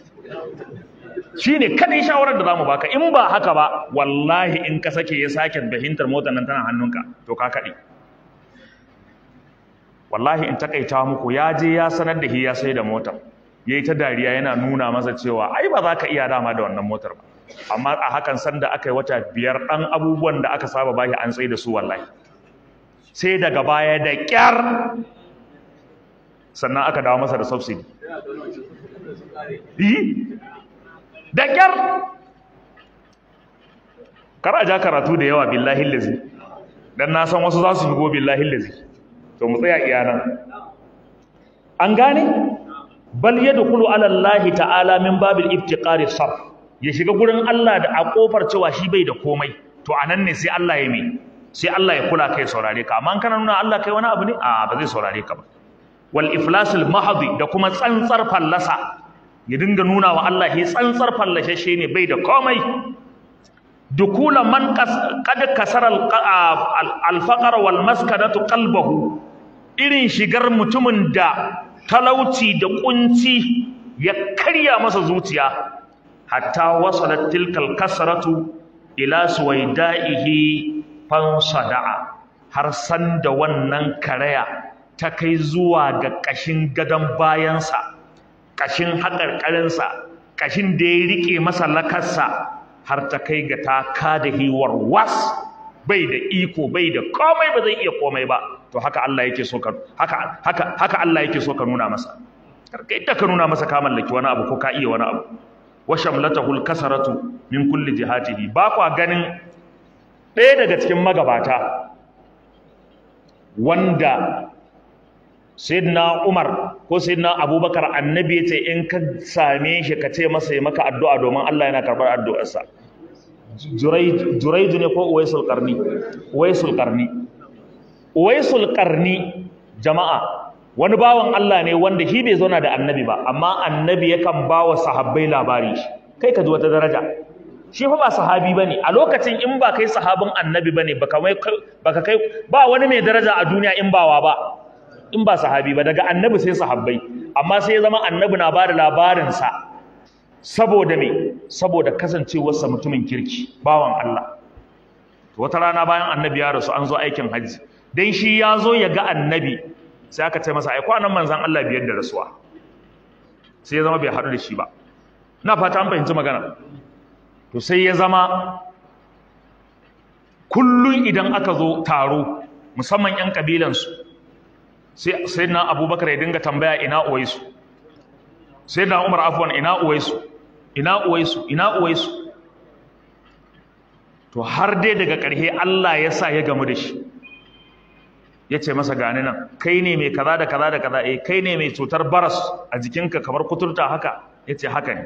shi ne kaɗai shawarar da za baka in ba haka ba wallahi in ka sake ya sake fahimtar motar nan tana hannunka to ka kade wallahi in takaita muku ya je ya sanar da shi sai da motar yayi ta dariya yana nuna masa cewa ai ba za ka iya dama da wannan motar ba amma a hakan sanda aka yi wata biyar ɗan abubuwan da aka saba bashi an tsaye da su wallahi sai daga baya da ƙyar sannan aka dawo masa da subsidy yi da ƙyar kar a ja karatu da yawa billahi lazi dan na san wasu za su shigo billahi lazi to mu tsaya iya nan an gane bal yadkhulu ala Allah ta'ala min babil iftiqari saf ya shiga gurin Allah da a kofar cewa shi bai da komai to anan ne sai Allah ya mai sai Allah ya kula kai saurare ka amma kana nuna Allah kai wani abu ne a ba zai saurare ka ba wal iflasul mahdi da kuma tsantsar fallasa ya dinga nuna wa Allah shi tsantsar fallashe ne bai da komai dukula man qad kasara al-faqr wal maskadatu qalbahu irin shigar mutumin da talauci da kunci ya karya masa zuciya hatta wasalat tilkal kasratu ila suwaida'ihi fansada'a har san da wannan karaya ta kai zuwa ga kashin gadon bayansa kashin haƙarƙarinsa kashin da ya riƙe masa lakarsa har ta kai ga ta kada hiwar was bai da iko bai da komai ba zai iya komai ba to haka Allah yake so ka haka haka haka Allah yake so ka nuna masa karka yadda ka nuna masa ka mallaki wani abu ko ka iya wani abu wa shamlatahu al-kasaratu min kulli jihatihi ba kwa ganin ɗaya daga cikin magabata wanda sayyidina Umar ko sayyidina Abubakar annabi ya ce in ka same shi ka ce masa ya maka addu'a domin Allah yana karɓar addu'arsa Juraij ne ko Uwaisul Karni. Uwaisul Qarni uwaisul karni jama'a wani bawan Allah ne wanda shi bai zauna da annabi ba amma annabi yakan bawa sahabbai labari kai ka ji wata daraja shi fa ba sahabi bane a lokacin in ba kai sahabin annabi bane baka mai baka kai ba wani mai daraja a duniya in ba wa ba in ba sahabi ba daga annabi sai sahabbai amma sai ya zama annabi na bada labarin sa saboda me saboda kasancewarsa mutumin kirki bawan Allah wata rana bayan annabi ya rasu an zo aikin hajji dan shi ya zo ya ga annabi sai aka ce masa ai kwanan manzan Allah biyar da rasuwa sai ya zama bai haɗu da shi ba na fata an fahimci magana to sai ya zama kullum idan aka zo taro musamman 'yan kabilansu sai sayyidina abubakar ya dinga tambaya ina uwaisu sayyidina umar afwan ina uwaisu ina uwaisu ina uwaisu to har dai daga ƙarshe Allah ya sa ya gamu da shi ya ce masa gani nan kai ne mai kaza da kaza da kaza eh kai ne mai cutar baras a jikinka kamar kuturta haka ya ce haka ne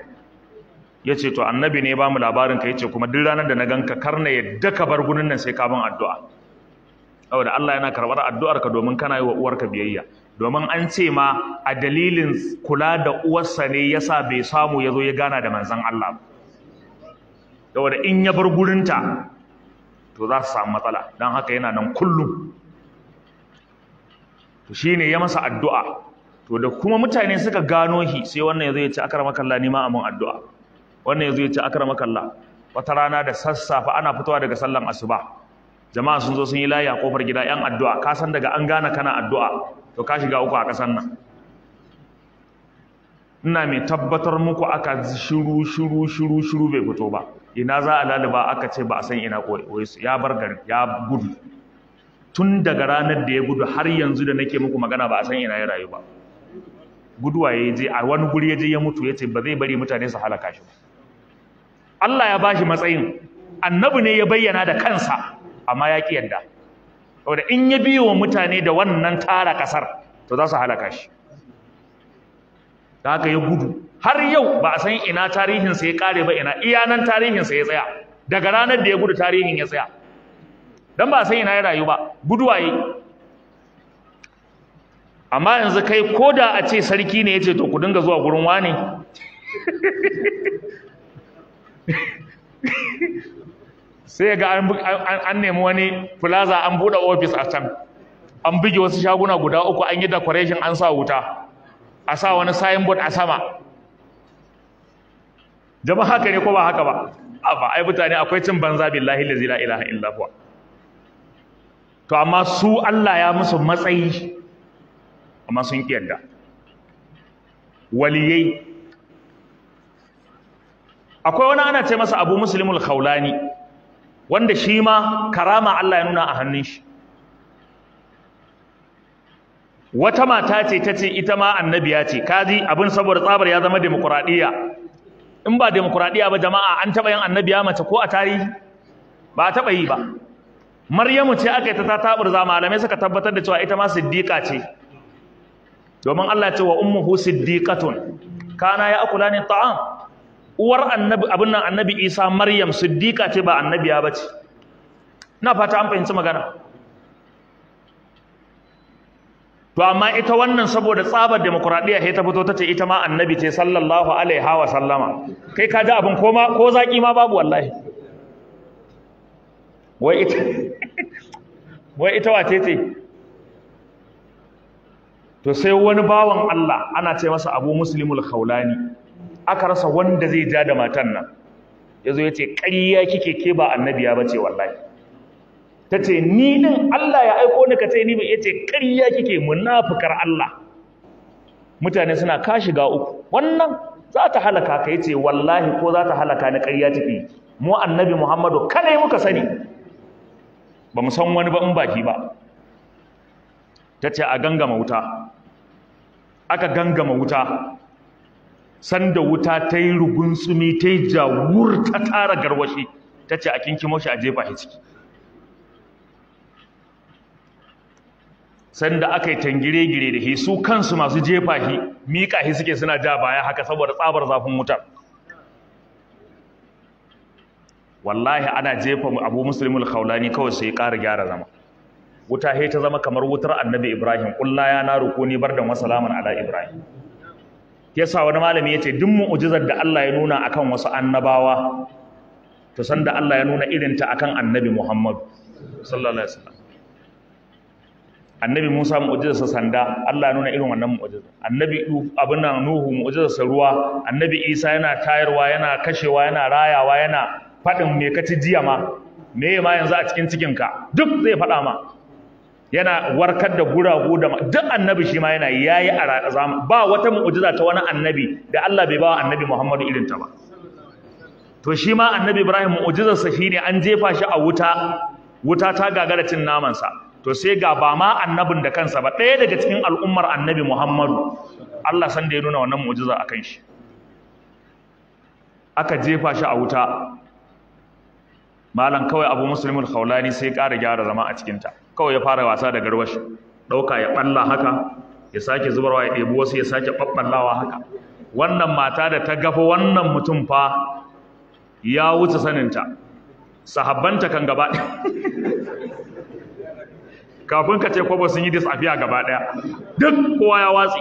ya ce to annabi ne ba mu labarin ka ya ce kuma duk ranar da na ganka kar na yadda ka bar gurin nan sai ka bin addu'a saboda Allah yana karɓar addu'ar ka domin kana yi wa uwar ka biyayya domin an ce ma a dalilin kula da uwarsa ne yasa bai samu ya zo ya gana da manzon Allah saboda in ya bar gurinta to za su samu matsala Dan haka yana nan kullum to shine ya masa addu'a to da kuma mutane suka gano shi sai wannan ya zo ya ci akar ni ma amun addu'a wannan ya zo ya ci akar makalla. wata rana da sassafa ana fitowa daga sallan asuba jama'a sun zo sun yi layi a kofar gida yan addu'a ka san daga an gane kana addu'a to ka shiga uku a ƙasan nan ina mai tabbatar muku aka shiru shiru shiru shiru bai fito ba ina za a laliba aka ce ba a san ina koyi ya bar gari ya gudu tun daga ranar da ya gudu har yanzu da nake muku magana ba a san ina ya rayu ba guduwa ya je a wani guri ya je ya mutu ya ce ba zai bari mutane su halaka shi ba Allah ya bashi matsayin annabi ne ya bayyana da kansa amma ya ki yadda saboda in ya biyo wa mutane da wannan tara kasar to za su halaka shi da haka ya gudu har yau ba a san ina tarihinsa ya kare ba ina iyanan tarihinsa ya tsaya daga ranar da ya gudu tarihin ya tsaya dan ba sai ina ya rayu ba guduwa yi amma yanzu kai koda a ce sarki ne yace to ku dinga zuwa gurin wani. sai ga an nemi wani plaza an buɗe office a can an bige wasu shaguna guda uku an yi decoration an sa wuta a sa wani signboard a sama jama'a haka ne ko ba haka ba a ai mutane akwai cin banza billahi la ilaha illa huwa to amma su Allah ya musu matsayi amma sun kiyarda waliyai akwai wani ana ce masa abu muslimul khawlani wanda shi ma karama Allah ya nuna a hannun shi wata mata ce ta ce ita ma annabiya ce kaji abin saboda tsabar ya zama demokuraɗiyya in ba demokuraɗiyya ba jama'a an taɓa yin annabiya mace ko a tarihi ba a taɓa yi ba maryamu ce aka yi ta taburza malamai suka tabbatar da cewa ita ma siddiqa ce domin Allah ya ce wa ummuhu siddiqatun kana ya akula ne ta'am uwar annabi abin nan annabi Isa maryam siddiqa ce ba annabiya bace na fata an fahimci magana to amma ita wannan saboda tsabar demokradiya sai ta fito tace ita ma annabi ce sallallahu alaihi wa sallama kai ka ji abin ko ma ko zaki ma babu wallahi wai ita to sai wani bawan Allah ana ce masa Abu Muslimul Khawlani aka rasa wanda zai ja da matan nan Ya yazo yace ƙariya kike ke ba annabiya ba ce, wallahi Ta ce ni din Allah ya aiko ni ka ce ni ba yace ƙariya kike munafukar Allah mutane suna ka shiga uku wannan za ta halaka ka ce wallahi ko za ta halaka ni ƙariya tafi mu annabi Muhammadu kanai muka sani ba san wani ba in baki ba ta ce a gangama wuta aka gangama wuta sanda wuta ta yi tsumi, ta yi jawur ta tara garwashi ta ce a kinkimo shi a jefa shi ciki sanda aka yi tangire-gire da shi su kansu masu jefa shi miƙa shi suke suna ja baya haka saboda tsabar zafin wutar wallahi ana jefa abu muslimul khawlani kawai sai ƙara gyara zama wuta he ta zama kamar wutar annabi ibrahim kullu ya ko ni bardan wa salaman ala ibrahim yasa wani malami yace duk mu'jizar da Allah ya nuna akan wasu annabawa to san da Allah ya nuna irin ta akan annabi Muhammad sallallahu alaihi wasallam annabi Musa sa sanda Allah ya nuna irin wannan mu'jiza annabi abin nan Nuhu sa ruwa annabi Isa yana tayarwa yana kashewa yana rayawa yana faɗin mai kaci jiya ma me ma yanzu a cikin cikinka duk zai faɗa ma yana warkar da guragu da duk annabi shi ma yana yayi a zama ba wata mu'ujiza ta wani annabi da Allah bai bawa annabi Muhammadu irin ta ba to shi ma annabi Ibrahim mu'jizar sa ne an jefa shi a wuta wuta ta gagara cin namansa, to sai ga ba ma annabin da kansa ba ɗaya daga cikin al'ummar annabi Muhammadu Allah san da ya nuna wannan mu'jiza kan shi aka jefa shi a wuta malam kawai abu muslimul khawlani sai ƙara gyara zama a cikinta kawai ya fara wasa da garwashi ɗauka ya ɓalla haka ya sake zubarwa ya ɗebi wasu ya sake ɓaɓɓallawa haka wannan mata da ta gafa wannan mutum fa ya wuce saninta sahabbanta kan gaba kafin ka ce kwabo sun yi disafiya gaba ɗaya duk kowa ya watsi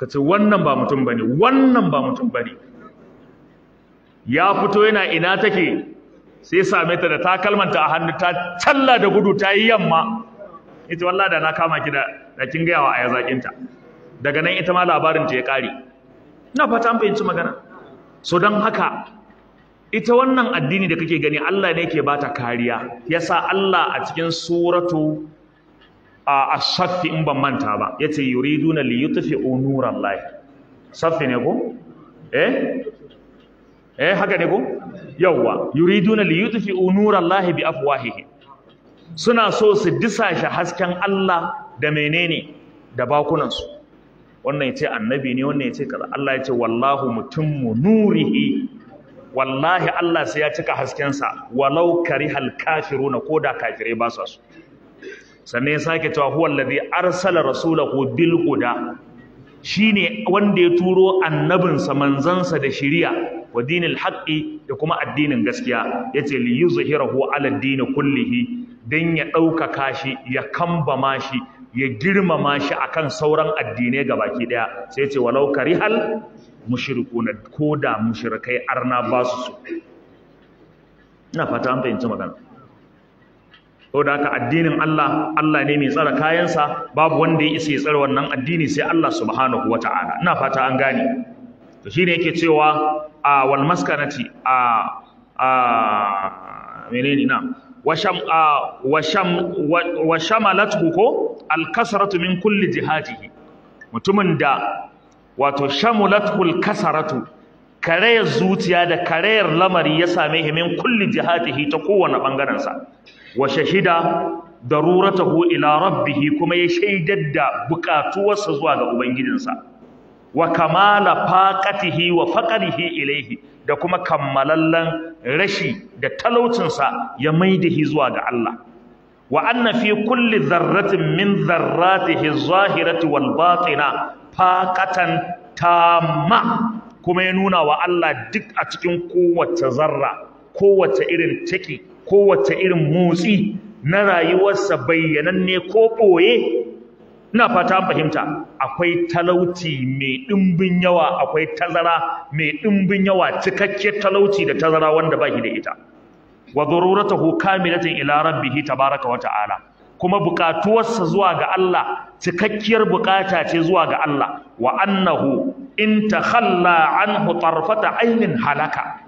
ka ce wannan ba mutum ba ne, wannan ba mutum ba ne. ya fito yana ina take sai same ta da takalmanta a hannu ta challa da gudu ta yi yamma ita wallahi da na kama ki da da kin gaya wa aya zakin ta daga nan ita ma labarin ta ya kare ina fata an fahimci magana so dan haka ita wannan addini da kake gani Allah ne yake bata kariya yasa Allah a cikin suratu a asaffi in ban manta ba yace yuriduna li yutfi'u nurallahi Safi ne ko eh eh haka ne ko yawwa yuriduna li yutfi'u nurallahi bi afwahihi suna so su disashe hasken Allah da menene da su. wannan yace annabi ne wannan yace kaza Allah yace wallahu mutimmu nurihi wallahi Allah sai ya cika haskensa walau karihal kafiruna koda kafirai ba su so sannan ya sake cewa huwa allazi arsala rasulahu bil huda shine wanda ya turo annabinsa manzansa da shiriya wa dinil haqqi da kuma addinin gaskiya yace li yuzhirahu ala aladdini kullihi dan ya ɗaukaka shi ya kambama shi ya girmama shi akan sauran addinai gabaki daya sai yace walau karihal mushrikuna koda mushrikai arna ba su ina fata an fahimci magana da haka addinin Allah Allah ne mai tsara kayansa babu wanda ya isa ya tsara wannan addini sai Allah subhanahu wata'ala ina fata an gane to shine yake cewa a wal maskanati a a menene na washam a washam ko alkasaratu min kulli jihadihi mutumin da wato shamulatul kasaratu karayar zuciya da karayar lamari ya same shi min kulli jihadihi ta kowane bangaren sa wa shahida daruratahu ila rabbihi kuma ya shaidar da bukatuwarsa zuwa ga ubangijinsa wa kamala faqatihi wa faqarihi ilaihi da kuma kammalallen rashi da talaucinsa ya maidahi zuwa ga Allah wa anna fi kulli dharratin min dharratihi zahirati wal batina faqatan tamma kuma ya nuna wa Allah duk a cikin kowace zarra kowace irin take kowace irin motsi na rayuwarsa bayyananne ko ɓoye ina fata an fahimta akwai talauci mai dimbin yawa akwai tazara mai dimbin yawa cikakke talauci da tazara wanda shi da ita wa daruratuhu kamilatan ila rabbih tabaaraka wa ta'ala kuma buƙatuwarsa zuwa ga Allah cikakkiyar buƙata ce zuwa ga Allah wa annahu in takhalla anhu tarfata ainin halaka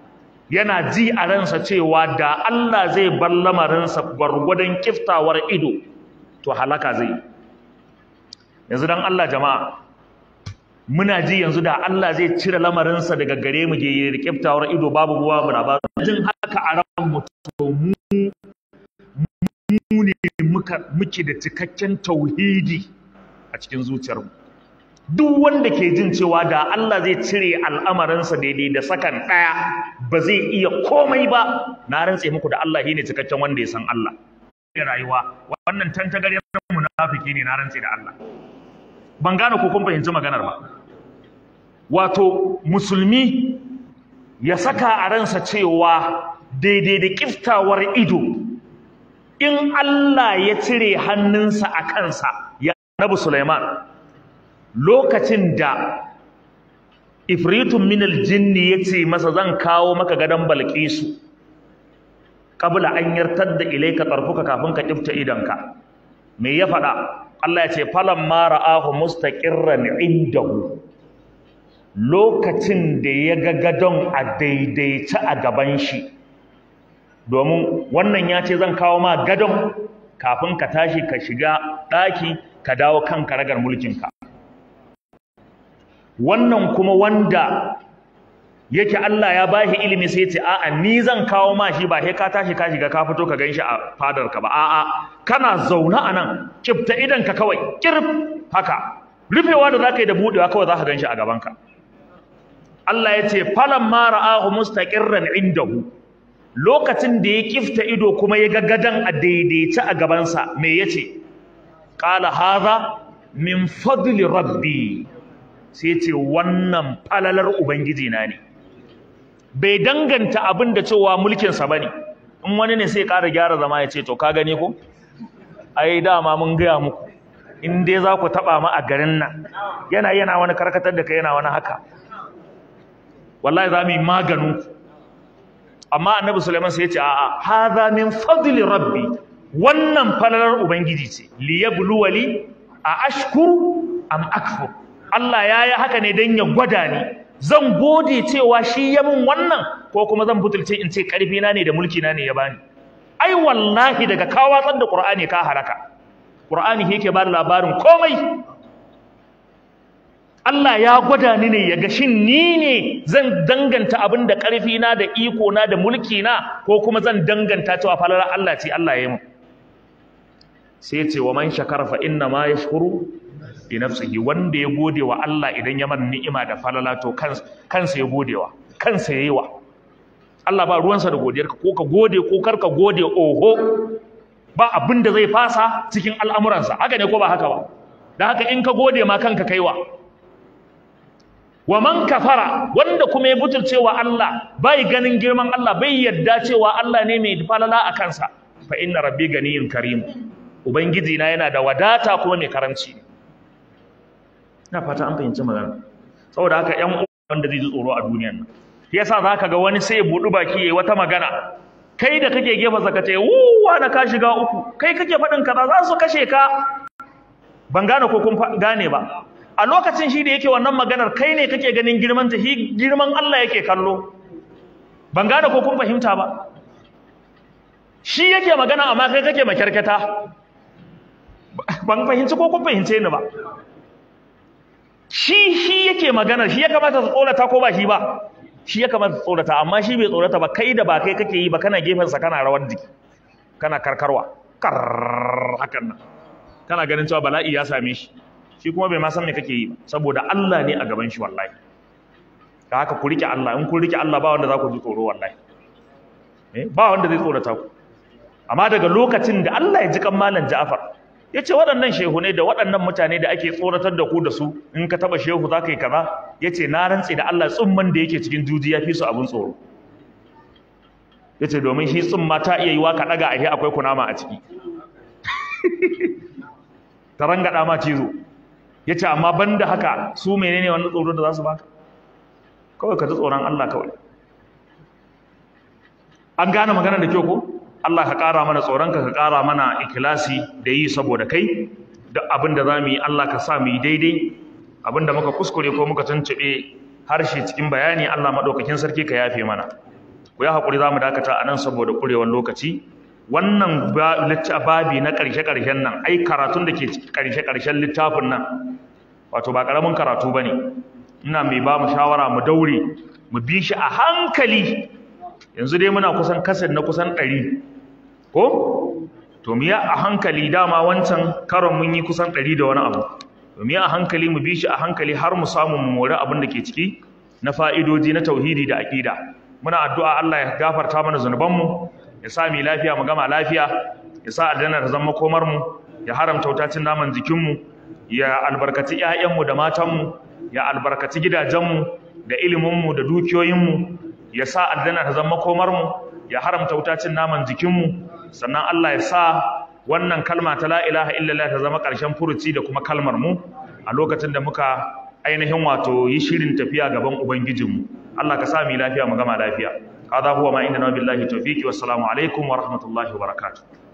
yana ji a ransa cewa da Allah zai bar lamarinsa gwargwadon kiftawar ido to halaka zai yanzu dan Allah jama'a muna ji yanzu da Allah zai cire lamarinsa daga gare mu ge rikiftawar ido babu ruwa mu ba jin haka a ran mu mu ne muka muke da cikakken tauhidi a cikin zuciyar mu duk wanda ke jin cewa da Allah zai cire al'amarinsa daidai da sakan ɗaya, ba zai iya komai ba na rantse muku da Allah shine cikakken wanda ya san Allah rayuwa wannan tantagaryar munafiki ne na rantse da Allah ban gane ko kun fahimci maganar ba wato musulmi ya saka a ransa cewa daidai da kiftawar ido in Allah ya cire hannunsa a kansa ya nabi Sulaiman lokacin da ifritun minal jinni ya ce masa zan kawo maka gadon balkisu kabla an yartar da ilaika tsarfuka kafin ka kifta idanka me ya faɗa Allah ya ce falan ma ra'ahu mustaqirran indahu lokacin da ya ga gadon a daidaice a gaban shi domin wannan ya ce zan kawo ma gadon kafin ka tashi ka shiga ɗaki ka dawo kan karagar mulkinka wannan kuma wanda yake Allah ya bashi ilimi sai ce a'a ni zan kawo ma shi ba he ka tashi ka shiga ka fito ka shi a fadarka ba a'a kana zauna a nan kifta idan ka kawai kirf haka rufewa da zaka yi da buɗewa kawai zaka ganshi a gaban ka Allah ya ce falan ma ra'ahu mustaqirran indahu lokacin da ya kifta ido kuma ya ga gadan a daidaice a gabansa me yace qala hadha min fadli rabbi sai ce wannan falalar ubangiji na ne bai danganta abin da cewa mulkin sa bane in wani ne sai ƙara gyara zama ya ce to ka gani ko ai dama mun gaya muku in dai za ku taɓa mu a garin nan yana yana wani karkatar da kai yana wani haka wallahi za mu yi maganin amma annabi sulaiman sai ya ce a'a hadha min fadli rabbi wannan falalar ubangiji ce liyabluwali a ashkuru am akfur Allah ya yi haka ne don ya gwada ni zan gode cewa shi ya min wannan ko kuma zan butulce in ce karfi na ne da mulki na ne ya bani ai wallahi daga ka watsar da qur'ani ka haraka qur'ani yake ba da labarin komai Allah ya gwada ni ne ya ga shin ni ne zan danganta abin da karfi na da iko na da mulki na ko kuma zan danganta cewa falala Allah ce Allah ya yi mu sai ce wa man shakara fa inna ma yashkuru bi nafsihi wanda ya gode wa Allah idan ya mana ni'ima da falala to kansa ya gode wa kansa ya yi wa Allah ba ruwansa da godiyarka ko ka gode ko kar ka gode oho ba abin da zai fasa cikin al'amuransa haka ne ko ba haka ba dan haka in ka gode ma kanka kaiwa wa wa man kafara wanda kuma ya wa Allah bai ganin girman Allah bai yadda cewa Allah ne mai falala a kansa fa inna rabbi ganiyun karim ubangiji na yana da wadata kuma mai karamci ina fata an fahimci magana saboda haka ƴan wanda zai ji tsoro a ya nan yasa ka ga wani sai ya budu baki yi wata magana kai da kake gefa ka ce wuwa na ka shiga uku kai kake faɗin kaza za su kashe ka ban gane ko kun gane ba a lokacin shi da yake wannan maganar kai ne kake ganin girman ta girman Allah yake kallo ban gane ko kun fahimta ba shi yake magana amma kai kake makyarkata ban fahimci ko kun fahimce ni ba shi shi yake magana shi ya kamata su tsorata ko ba shi ba shi ya kamata su tsorata amma shi bai tsorata ba kai da ba kai kake yi ba kana gefen sa kana rawar jiki kana karkarwa kar hakan nan kana ganin cewa bala'i ya same shi shi kuma bai ma san me kake yi saboda Allah ne a gaban shi wallahi da haka ku rike Allah in ku rike Allah ba wanda za ku ji tsoro wallahi eh ba wanda zai tsorata ku amma daga lokacin da Allah ya ji kan malam Ja'far Ya ce waɗannan shehu ne da waɗannan mutane da ake tsoratar da ku da su in ka taba shehu za ka yi kaza ce na rantse da Allah tsumman da yake cikin juji ya fi su abin tsoro Ya ce domin shi tsumma ta iya yiwa ka a ahe akwai kunama a ciki ta rangada ma cizo Ya ce amma ban da haka su menene wani tsoro da za su baka kawai ka ji tsoron Allah kawai an gane magana da kyau ko Allah ka ƙara mana tsoronka ka ƙara mana ikilasi da yi saboda kai duk abin da za mu yi Allah ka sa mu yi daidai abin da muka kuskure ko muka tuntuɓe harshe cikin bayani Allah maɗaukakin sarki ka yafe mana ku ya haƙuri za mu dakata a nan saboda ƙurewar lokaci wannan babi na ƙarshe-ƙarshen nan ai karatun da ke ƙarshe-ƙarshen littafin nan wato ba ƙaramin karatu ba ne ina mai ba mu shawara mu daure mu bi shi a hankali yanzu dai muna kusan kasar na kusan ɗari ko to mu ya a hankali dama wancan karon mun yi kusan ɗari da wani abu to mu ya a hankali mu bi shi a hankali har mu samu mu mori abin da ke ciki na fa'idoji na tauhidi da aƙida muna addu'a Allah ya gafarta mana mu ya sa mu lafiya mu gama lafiya ya sa aljanna ta zama komar mu ya haramta wutacin naman jikin mu ya albarkaci mu da matan mu ya albarkaci gidajen mu da ilimin mu da dukiyoyin mu ya sa addana ta zama komar mu ya haramta wuta cin naman jikin mu sannan Allah ya sa wannan kalma ta la ilaha illallah ta zama karshen furuci da kuma kalmar mu a lokacin da muka ainihin wato yi shirin tafiya gaban ubangijin mu Allah ka sa mu lafiya mu gama lafiya هذا ma inna billahi tawfiqi wassalamu alaikum wa rahmatullahi wa barakatuh